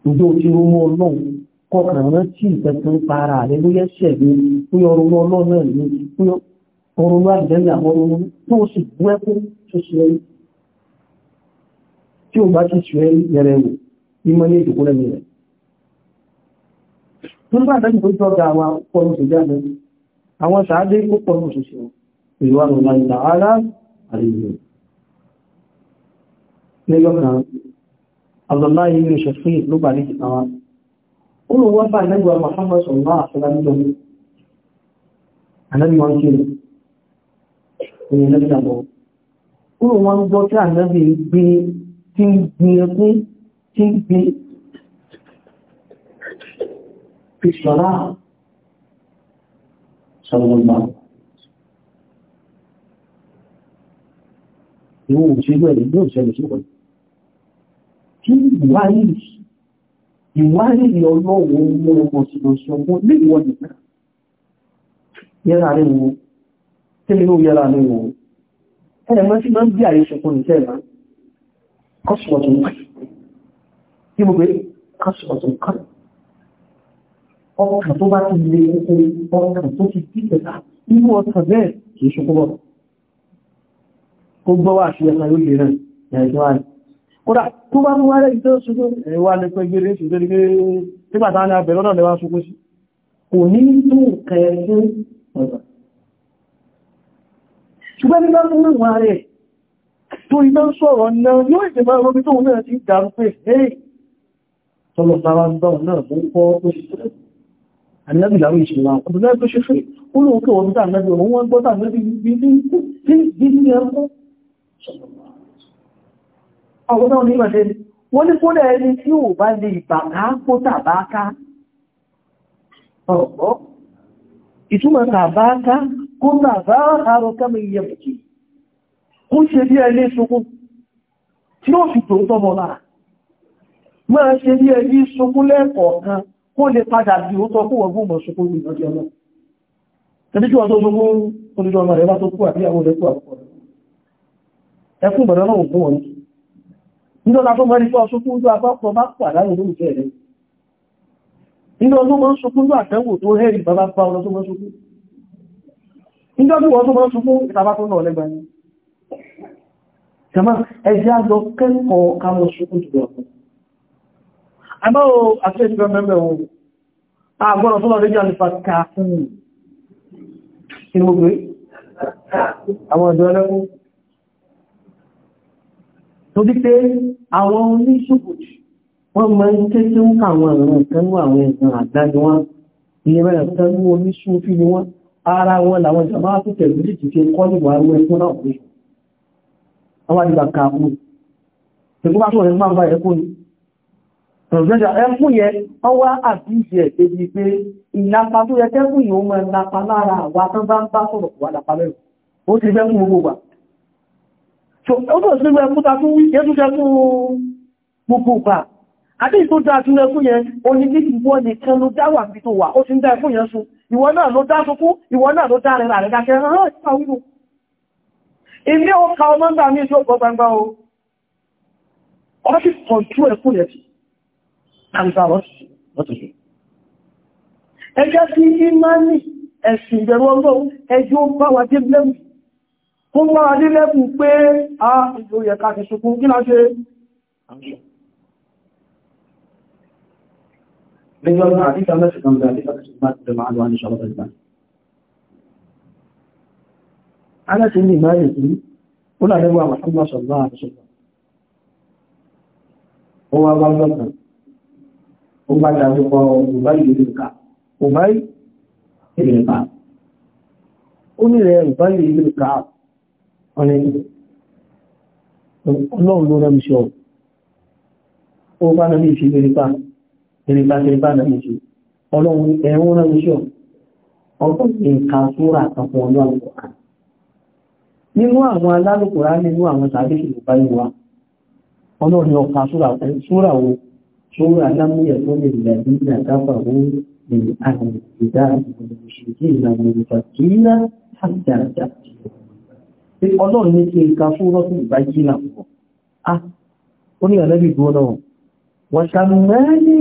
ìjó ti ronú ọlọ́run kọkàn rántí ìtẹ̀kùn para rẹ̀ ló yẹ́ ṣẹ̀gbẹ́ tó yọ ronú ọlọ́run náà ní tó yọ ọrùn láàrín àwọn ọrùn tó sì bú ẹkún tó sì rẹ̀ tí ó bá ti ṣù ẹ́ yẹrẹ wò ní mọ́ ní ìdòkúrẹ́ rẹ̀. Tó ń bá àtẹ́jù tó jọ́ ga wa pọ̀lú ṣèjáde àwọn sàádé púpọ̀ ní òṣìṣẹ́ ìwọ̀n ọ̀nà ìdáhálà àríwẹ̀ nílọ́kàn Abdullahi ibn Shafi ló bà ní ìtàwà ó lò wọ́n bá ìlẹ́gbà Muhammad sallallahu alaihi wasallam nílọ́mí anábì wọn kí ní ẹlẹ́gbà bọ̀ ó lò wọ́n gbọ́ tí anábì gbé tí ń gbé ẹkún tí ń gbé fi sọ́lọ́mà. Ìwọ̀n òṣèlú ẹ̀rẹ̀ yóò ṣẹlẹ̀ sí ọ̀rọ̀. Kí ìwárí ìwárí ọlọ́wọ́ mú ọmọ ṣìlọ́ṣọ́ mú ní ìwọ̀n nìkan. Yẹ́ra rẹ̀ wo, tẹ́lẹ̀ ló yẹ́ra rẹ̀ wo. Ẹ̀rẹ̀ mọ́ sí máa ń bí àyè ṣokùn ní tẹ́ẹ̀lá. Kọ́sùwọ̀tún kọ́. Kí mo pé kọ́sùwọ̀tún kọ́ ọkàn tó bá ti lè kókó ọkàn tó ti kí tẹ̀ta inú ọkàn bẹ́ẹ̀ kì í ṣokúbọ̀ kó gbọ́ sí ẹ̀sán yóò lè rẹ̀ ẹ̀ẹ́jọ́ àì kódà tó bá mú wá rẹ̀ ìjọ́ ṣojú ẹ̀wà lè pẹ́ gbére ní pé nígbàtà ní abẹ̀ lọ́dọ̀ lẹ́wà ṣokú sí kò ní tó kẹ̀ẹ́sí ṣùgbọ́n nígbà tó mú wá rẹ̀ tó iná sọ̀rọ̀ náà yóò ìjẹ̀mọ́ ọmọ bí tóun náà ti dàrú pé hey tọ́lọ̀ sára ń dọ̀ náà mú kọ́ ó sì annabi láwọn ìṣẹ̀lá ọdún lẹ́gbẹ́ ṣeṣe olóòkè wọn tàà nẹ́bí wọn wọ́n gbọ́ta nẹ́bí bí i ní ẹ̀kọ́ àwọn ọdún ìwàṣẹ́ wọ́n ní kó lẹ́ẹ̀ni tí ò bá lè bàbá kó tàbáká ọ̀pọ̀ ìtumọ̀ tàbáká kó bàbá àrọ kẹ́mì yẹ̀mùkì kó ṣe bí ẹni sunkún tí ó fi tòótọ́ mọ́ lára máa ṣe bí ẹni sunkún lẹ́kọ̀ọ̀kan kó lè padà bí ó tọ́ kówọ̀ gbọ́mọ̀ ṣokó ìrìnàjò ọlọ́ tẹ́bí kí wọ́n tó ṣogbo olùjọ ọmọ rẹ̀ bá tó kú àbí àwọn olùkú àkọ́kọ́ ẹkùn bẹ̀rẹ̀ náà gún wọn nígbọ́n tó mọ́rí pọ́ ṣokó ojú akọ́kọ́ bá pà láwọn olóòjẹ́ rẹ̀ nígbọ́n tó mọ́ ṣokó ojú àtẹ́wò tó hẹ́rì bàbá pa ọlọ́ tó mọ́ ṣokó nígbọ́n tó wọ́n tó mọ́ ṣokó ìtàbá tó náà lẹ́gbàá ni àmọ́ àti ẹ̀ṣùgbọ́ mẹ́mẹ́ o àgbọ́rọ̀ sọ́lọ̀ lójú àlùfà káàkùn tí mo gbé àwọn ọ̀dọ́ ọlẹ́kú tó dí pé àwọn oníṣùgbùjì wọ́n máa ń ké tí ń kà àwọn àwọn ìkanú àwọn ìkan àgbájú wọn ilé mẹ́rin tó tẹ́lú oníṣùfí ni wọ́n ara wọn làwọn ìjọba tó tẹ̀lú sí ti fi kọ́ nígbà àwọn ẹkún náà pé àwọn àdìgbà kààkùn Rọ̀sẹ́jà ẹkùn yẹ, ọ wá àti ìṣẹ́ ìpébi pé ìlàpá tó yẹ kẹ́kùn yìí ó mọ ìlàpá lára àwa tán bá ń bá sọ̀rọ̀ wà lápá lẹ́rù. Ó ti fẹ́ fún gbogbo wà. Ó tó sí ẹkùn ta tún wí, yẹ́ tún fẹ́ fún gbogbo wà. Àdé ìtó dá tún ẹkùn yẹn, ó ní kí ìwọ nìkan ló dá o. Ọ láwùsá wọ́tùsù ẹjá sí ìmáni ẹ̀sìn ìbẹ̀rù ọlọ́run ẹjọ́ bá wà dé lẹ́bù kó wá wà dé lẹ́bù pé a ìlú yẹ káàkiri sùkún kí láṣẹ Aláṣẹ́ ilé ìmáyé ìlú, ó láàrẹ́wà Mùsùlùmí Ṣọ̀gbọ́n àti Ṣọ̀gbọ́n. Ó wá wá lọ́gbọ̀n ó bá dájú kọ ọ̀bá ìlúkà ọ̀bá ìlúkà ó nílẹ̀ ọ̀bá ìlúkà ọ̀nà ọlọ́run ló rẹ̀ mṣọ́ ó bá náà ní ìṣẹ́ ìrìnká ìrìnká náà mṣọ́ ọlọ́run ẹ̀rùn rẹ̀ mṣọ́ ọgbọ̀n nǹkan súra ọlọ́run شورى لم يكن الذين كفروا من أهل الكتاب والمشركين منفكين حتى تأتيهم Ọlọ́run ní kí n ka fún rọ́tún ìbájí náà pọ̀. A, ó ní ọ̀lẹ́bì gbọ́ náà. Wọ́n ṣàmẹ́lì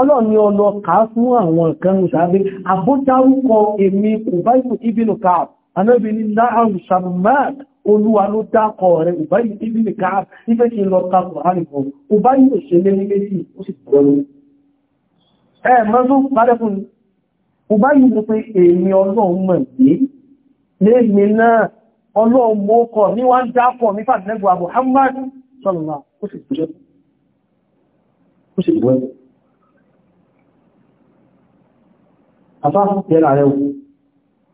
Ọlọ́run ni ọlọ ká fún àwọn kan ṣàbí, àbójárúkọ èmi kò báyìí ìbínú káà, anẹ́bì ní náà ṣàmẹ́lì olúwa ló dákọ̀ rẹ̀ ìbáyìí ibi nìka ìfẹ́ kí lọ takọ̀ àrìkọ̀ ìbáyìí ò ṣe lérí méjì ó sì gbọ́rọ̀ ẹ mọ́sún parẹ́kùn ìbáyìí mú pé èmi ọlọ́run mọ̀ pé léèmì náà ọlọ́run mọ́kọ̀ ní wá ń dákọ̀ ní fàtẹ́gbọ̀ Muhammad sallallahu ó sì gbọ́rọ̀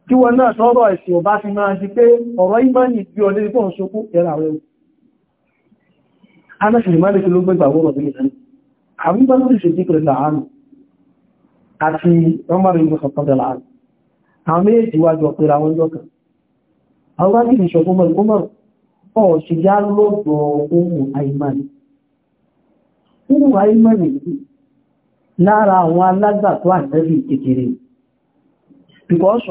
kí wọn náà sọ́rọ̀ ẹ̀sìn ọba fi máa di pé ọ̀rọ̀ ìmáni bí ọdún ìpọ̀ ṣokú ẹ̀rà rẹ̀ A máa lè fi ló gbẹ́gbà wọ́n rọ̀ nílẹ̀ àwọn bá lórí ṣètí pẹ̀lú àánú àti ọmọrin ìlú sọ̀tọ̀dẹ̀ láàánú àwọn méjì wá jọ pé àwọn ọjọ́ kan àwọn láti ní ṣọ̀gbọ́n mọ̀ ìgbọ́n mọ̀rún ọ̀ ṣe já lára àwọn alágbàtọ́ àtẹ́rì kékeré because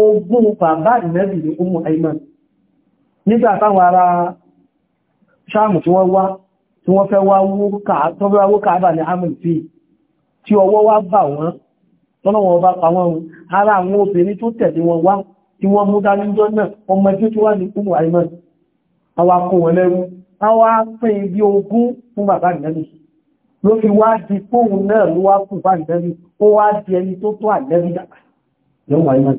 ogún bàbá ìnẹ́bì ní Umu Aiman nígbà táwọn ará sáàmù tí wọ́n wá tí wọ́n fẹ́ wá wó káàbà ní amìfí tí ọwọ́ wá bà wọ́n tọ́lọ́wọ́n bá pa wọ́n ara àwọn obìnrin tó tẹ̀lé wọn wá tí wọ́n mú dání jọ náà ọmọ ẹgbẹ́ tó wà ní Umu Aiman àwa kò wọ́n lẹ́rú àwa pín ibi ogún fún bàbá ìnẹ́bì ló fi wá di fóun Aiman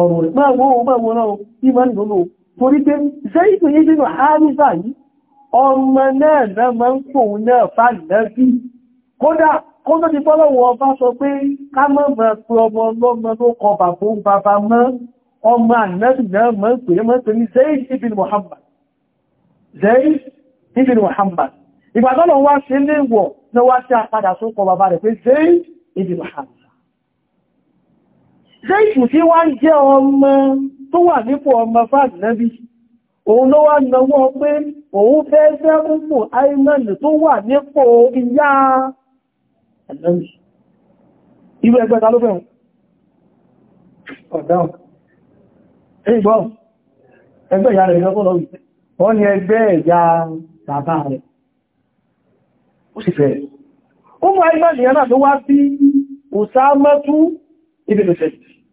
ọ̀rọ̀ rẹ̀ máa wọ́n wọ́n wọ́n náà ìmọ̀ ìdọ́lò torí pé sẹ́yìnkú yé sínú àárísà yìí ọmọ náà náà máa ń pòun náà fàìlẹ́sí kódà kó tó ti fọ́lọ́wọ́ ọba sọ pé ká mọ́ mọ́ pé ọmọ ọlọ́mọ tó kọ bàbá ń bàbá mọ́ ọmọ ànẹ́sì náà mọ́ pé mọ́ pé ní Zayd ibn Muhammad Zayd ibn Muhammad ìgbàtọ́lọ̀ wá sí ilé ìwọ̀ náà wá sí àpadà sókọ bàbá Muhammad Zéìkù tí wá ń jẹ́ ọmọ tó wà nípò ọmọ fàdínábí, òun ló wá náwó pé òun fẹ́ fẹ́ Ummu Ayman tó wà nípò ìyá àdáwì. Ibi ẹgbẹ́ ta ló fẹ́ ọ̀dáwì. Ẹgbọ́, ẹgbẹ́ ìyá rẹ̀ lọ́kọ́ lọ́wì, wọ́n ni ẹgbẹ́ ìyá bàbá rẹ̀. Ó sì fẹ́. Ummu Ayman ìyá náà tó wá sí Usamatu ibn Zayd.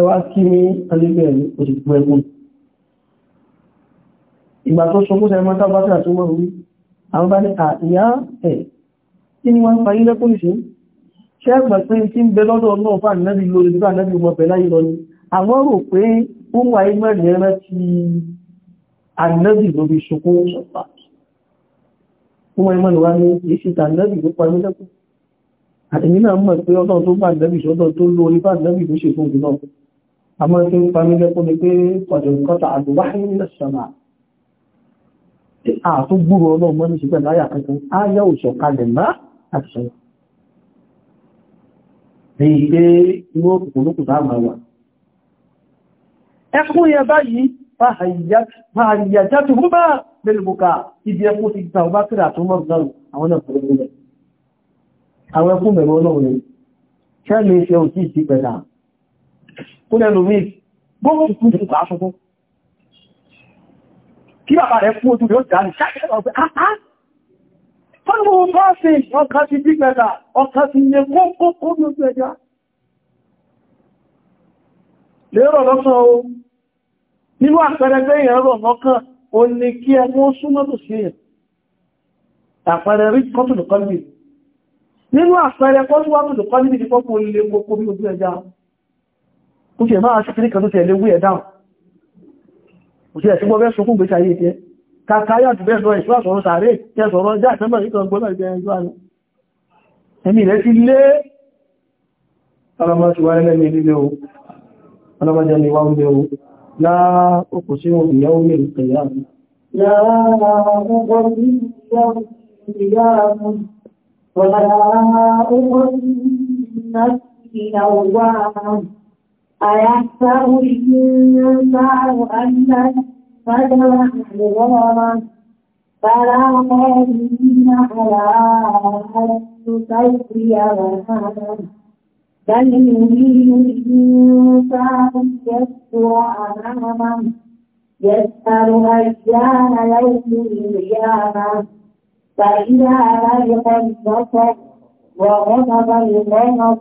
ẹwà kí ní alẹ́gbẹ̀ẹ́lú òṣìṣẹ́ ẹgbùn ìgbà tó ṣogún sẹ́mọ́ tábátà tó wọ́n rí àwọn bá ní àìyá ẹ̀ kí ni wọ́n fayí lẹ́kùn ìṣẹ́ ṣe ẹgbà pé tí ń bẹ lọ́dọ̀ náà fà nẹ́bí lórí nígbà nẹ́bí ọmọ pẹ̀lá yìí lọ ni àwọn rò pé ó wà í mẹ́rin ẹran ti ànẹ́bí lórí ṣokún ṣọ̀pá ó wà í mẹ́rin wá ní èsì tànẹ́bí ló parí lẹ́kùn àtẹ̀mí náà mọ̀ pé ọdọ̀ tó bá nẹ́bí sọ́dọ̀ tó lórí bá nẹ́bí ló ṣe fún ìdúnáà àmọ́ tí ń parí lẹ́kọ́ ni pé pọ̀dùnkọ́ta àdúwáhí nílẹ̀ sọ́nà àtú gbúrò ọlọ́mọ́ ní ṣùgbẹ́ láyà kankan áyá òṣọ̀ kalẹ̀ má àti sọ́nà bí i pé inú òkùnkùnkù sáàmà wà ẹkùn yẹ báyìí fàáyàjátù rúbà bẹ́lùbùkà ibi ẹkùn ti gbà ọba kíra tó mọ́ àwọn ẹkùn mẹ́rọ kó lẹ́nu mí gbogbo ìkún ti pàá ṣọ́kún kí bàbá rẹ̀ fún ojú rẹ̀ ó dáni ṣáàkẹ́lẹ̀ ọ̀pẹ́ àá ah, ah. fọ́nà bá ṣe ọkà ti bí mẹ́ta ọkà ti yẹ kókókó ní ojú ẹja lérò lọ́sàn o nínú àpẹẹrẹ pé èèyàn rọ̀ lọ́kàn o ní kí ẹmú súnmọ́ tó sí ẹ̀ àpẹẹrẹ rí kọ́tùlù kọ́lùmì nínú àpẹẹrẹ kọ́tùlù kọ́lùmì ti fọ́pù olè gbogbo bí ojú ẹja kò ṣe máa ṣe kìrí kan tó tẹ̀lé wé ẹ̀dáhùn kò ṣe ẹ̀ṣùgbọ́ bẹ́ sọkún gbéṣà yìí tẹ́ kàkàyà jù bẹ́ẹ̀ sọ ìṣúwà sọ̀rọ̀ sàárè tẹ́ sọ̀rọ̀ já ìtẹ́mọ̀ ìkan gbọ́nà ìgbẹ̀ ẹjọ́ àrùn ẹ̀mí rẹ̀ ti lé ọlọ́mọ ti wá ẹlẹ́mì lílé o ọlọ́mọ jẹ́ ni wá ń lé أيحسب الإنسان أن لن ندرك عظاما فلا قادرين على أن تسوي وهما بل يريد الإنسان يكفر أمامه يسأل أيان يوم القيامة فإذا برق البصر وغضب القمر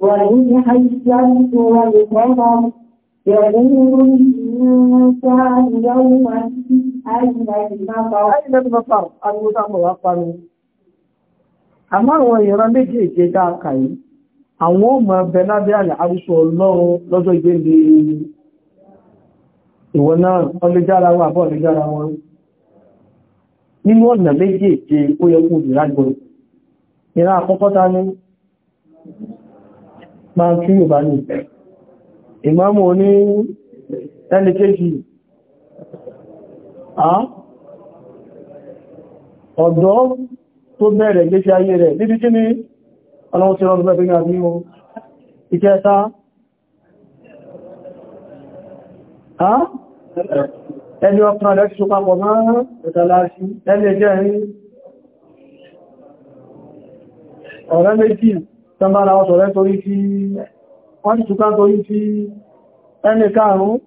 وإذ الشمس والقمر يدور الإنسان يوما أين المطر أين المطر المتمطر àmọ́ àwọn ìran méjèèjì dáàkà yìí àwọn ọmọ ẹbẹ̀ àlẹ́ àrùsọ ọlọ́run lọ́jọ́ ìwọ náà ọlẹ́jára wà bọ́ ọlẹ́jára wọn nínú ọ̀nà ó yẹ ìrágbọ̀n ní máa kí yóò bá ní ìmáàmù oní ẹni kéjì ọ̀dọ́ tó bẹ̀rẹ̀ gẹ́ṣẹ́ ayé rẹ̀ níbi kí ni ọlọ́run ti rọ́dún bẹ́ẹ̀ bí i ìkẹta ẹni ọkùnrin rẹ̀ ti ṣokapọ̀ máa ẹ̀tàlásí ẹni ẹjẹ́ rí ọ̀rẹ́ méjì tẹ́mbára ọ̀sọ̀ rẹ̀ torí tí wọ́n ti túká torí tí ẹni karùn-ún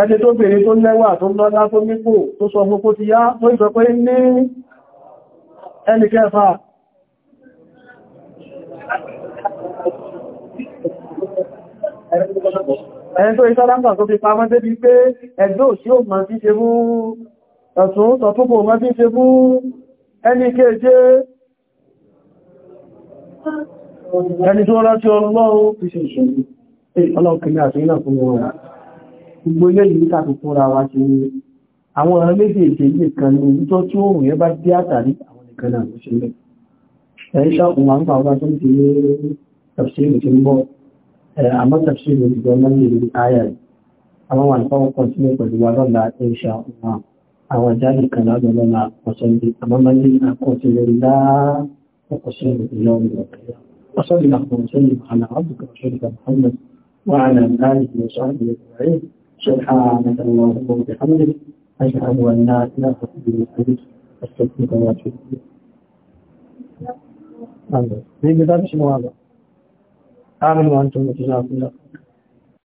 ẹni tó bèèrè tó lẹ́wà tó lọ́lá tó nípò tó sọ fún kó ti yá tó ìsọ pé ní ẹni kẹfà ẹni tó ìsọ́lámbà tó fi pamọ́ débi pé ẹgbẹ́ òsí ò mọ́ ṣe mú ẹ̀sùn sọ fún kò mọ́ sí ṣe mú ẹni kéje ẹni tó rántí ọlọ́run ti ṣe ìṣẹ̀lú ọlọ́run kìí àti iná fún wọn gbogbo ilé yìí tàbí fúnra wa ṣe ní àwọn ọ̀rọ̀ méjì èdè ilé kan ní ojútọ́ tí ó rùn yẹ bá dé àtàrí àwọn nìkan náà ló ṣe lẹ̀ ẹ̀yìn ṣàkùn máa ń fa ọba tó ń ti ní tafsiri ti ń bọ̀ àmọ́ tafsiri ti gbọ́ náà ní àyà àwọn wà nípa ọkọ̀ sílẹ̀ pẹ̀lú wa lọ́la ẹ̀yìn ṣàkùn àwọn ìjáde kan lábẹ́ lọ́la ọ̀sẹ̀ àmọ́ máa ń ní àkọsílẹ̀ láàá وقصير اليوم والقيامة وصل الله وسلم على عبدك ورسولك محمد وعلى آله وصحبه أجمعين سبحانك اللهم وبحمدك أشهد أن لا إله إلا أنت أستغفرك وأتوب إليك. هذا في كتاب اسمه هذا آمنوا وأنتم متجاوزون